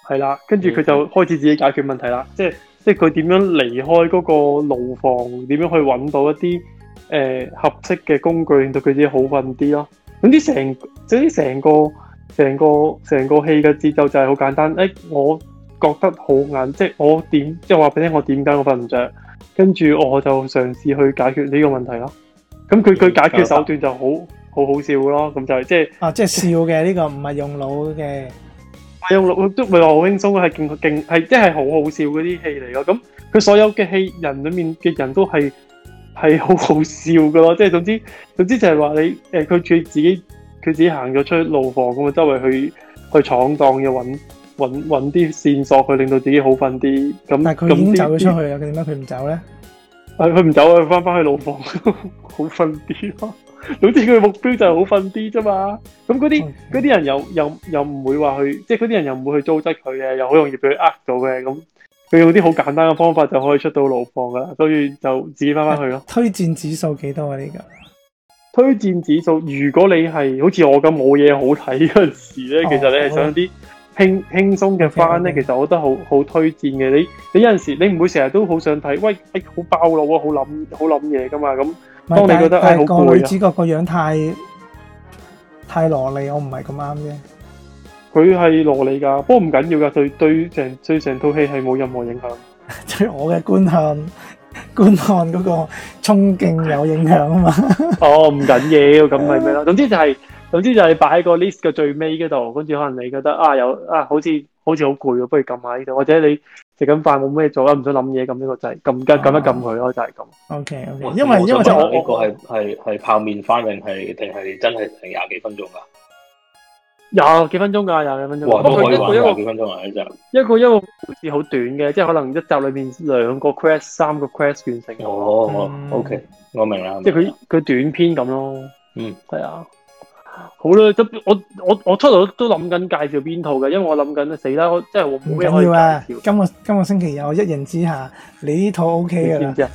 係啦。跟住佢就開始自己解決問題啦、嗯嗯。即係即係佢點樣離開嗰個牢房，點樣去搵到一啲誒、呃、合適嘅工具，令到佢自己好瞓啲咯。咁啲成即之成個成個成個戲嘅節奏就係好簡單。誒、哎，我。覺得好眼，即係我點，即係話俾你聽，我點解我瞓唔著？跟住我就嘗試去解決呢個問題咯。咁佢佢解決手段就好好好笑咯。咁就係即係啊，即係笑嘅
呢個唔係用腦嘅，
用腦都唔係話好輕鬆，係勁勁係即係好好笑嗰啲戲嚟咯。咁佢所有嘅戲人裏面嘅人都係係好好笑㗎咯。即係總之總之就係話你誒，佢自己佢自己行咗出去路房咁啊，周圍去去闖蕩嘅揾搵搵啲線索去令到自己好瞓啲咁，但係佢
已經走咗出去啦，
佢點解佢唔走咧？係佢唔走啊，佢翻翻去牢房，好瞓啲咯。總之佢目標就係好瞓啲啫嘛。咁嗰啲啲人又又又唔會話去，即係嗰啲人又唔會去糟質佢嘅，又好容易俾佢呃到嘅。咁佢用啲好簡單嘅方法就可以出到牢房噶啦，所以就自己翻翻，啊、去咯。推薦指數
幾多啊？呢個
推薦指數，如果你係好似我咁冇嘢好睇嗰陣時咧，yeah. 其實你係想啲。Okay. 輕輕鬆嘅翻咧，其實我都好好推薦嘅。你你有陣時你唔會成日都好想睇，喂，哎，好爆腦啊，好諗好諗嘢噶嘛。咁當你覺得，哎，個女主
角個樣太太蘿莉，我唔係咁啱
啫。佢係蘿莉噶，不過唔緊要噶，對對成對成套戲係冇任何影響。
對我嘅觀看、觀看嗰個衝勁有影響啊嘛。哦，
唔緊要，咁係咩咯？總之就係。總之就係擺喺個 list 嘅最尾嗰度，跟住可能你覺得啊，有啊，好似好似好攰喎，不如撳下呢度，或者你食緊飯冇咩做啊，唔想諗嘢咁呢個掣，就係撳一撳佢咯，就係咁。O K，因為、嗯、因為呢個
係係係泡麵翻定係定係真係成廿幾分鐘
噶？廿幾分鐘噶，廿幾分鐘。哇，都一集一個一個故事好短嘅，即係可能一集裏面兩個 quest 三個 quest 完成。哦，我 O K，我明啦，即係佢佢短篇咁咯。嗯，係啊。好啦，咁我我我初頭都諗緊介紹邊套嘅，因為我諗緊死啦，即係我冇咩可以介紹，唔緊要啊，今個今個
星期有《我一人之下》你 OK。你呢套 O K 噶啦，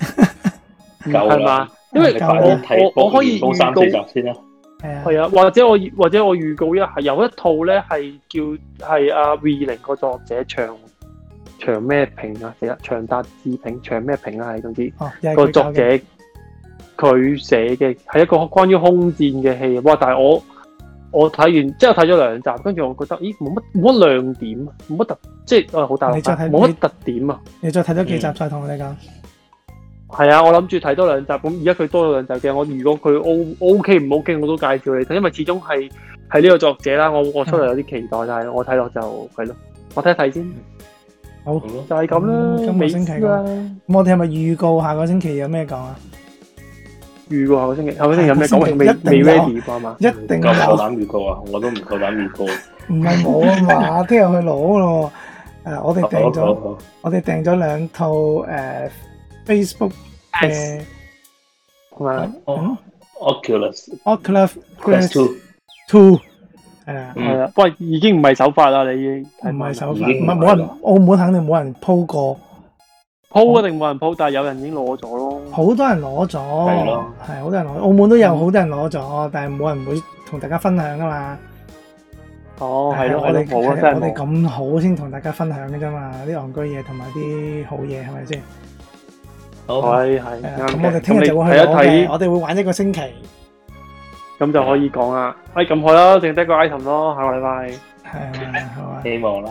係
嘛夠了？ 因為我我我可以預告先啦，係啊，或者我或者我預告一下，有一套咧係叫係阿 V 零個作者長長咩平啊，死啦，長達志平長咩平啊，係總之個、哦、作者佢寫嘅係一個關於空戰嘅戲，哇！但係我。我睇完，即係睇咗兩集，跟住我覺得，咦，冇乜冇乜亮點啊，冇乜特，即係好、哎、大冇乜特點啊。你，
你再睇多幾集，嗯，再同我哋講。
係啊，我諗住睇多兩集，咁而家佢多咗兩集嘅。我如果佢 O O K 唔 O K，我都介紹你。因為始終係係呢個作者啦，我我出嚟有啲期待，嗯、但係我睇落就係咯，我睇一睇先。好，就係、是、咁啦，嗯、
今個星期咁、啊、我哋係咪預告下個星期有咩講啊？
預過下個星期，下個星期有咩講未？未 ready 啩嘛？
一定夠夠膽預過啊！我都唔夠膽預過。唔係冇啊嘛，聽日去攞咯。誒，我哋訂咗，我哋訂咗兩套誒 Facebook 誒同
埋
Oculus，Oculus Quest Two Two 誒係啦，喂已經唔係首發啦，你唔係首發，唔係冇人，
澳門肯定冇人鋪過。
鋪一定冇人鋪，但係有人已經攞咗咯。好
多人攞咗，係咯，係好多人攞。澳門都有好多人攞咗，但係冇人會同大家分享噶嘛。
哦，係咯，我哋我哋咁
好先同大家分享嘅啫嘛，啲戇居嘢、同埋啲好嘢，係咪先？
好係係，咁我哋聽日就會去講嘅。我
哋會玩一個星期，
咁就可以講啦。喂，咁好啦，淨得一個 item 咯，下個禮拜，係啊，好啊，希望啦。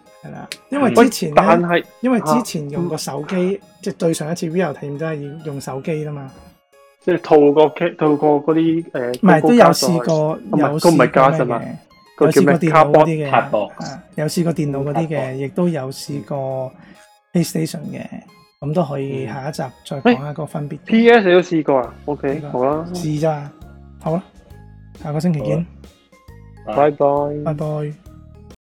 係啦，因為之前咧，
因為之前用過手機，即係對上一次 VR 體驗都係要用手機吖嘛。
即係套個套個嗰啲誒，唔係都有試過，有試過加嘅，有試過電腦嗰啲嘅，
有試過電腦嗰啲嘅，亦都有試過 PlayStation 嘅，咁都可以下一集再講一個分別。
PS 都試過啊，OK，好啦，試啫嘛，
好啦，下個星期見，拜拜，拜拜。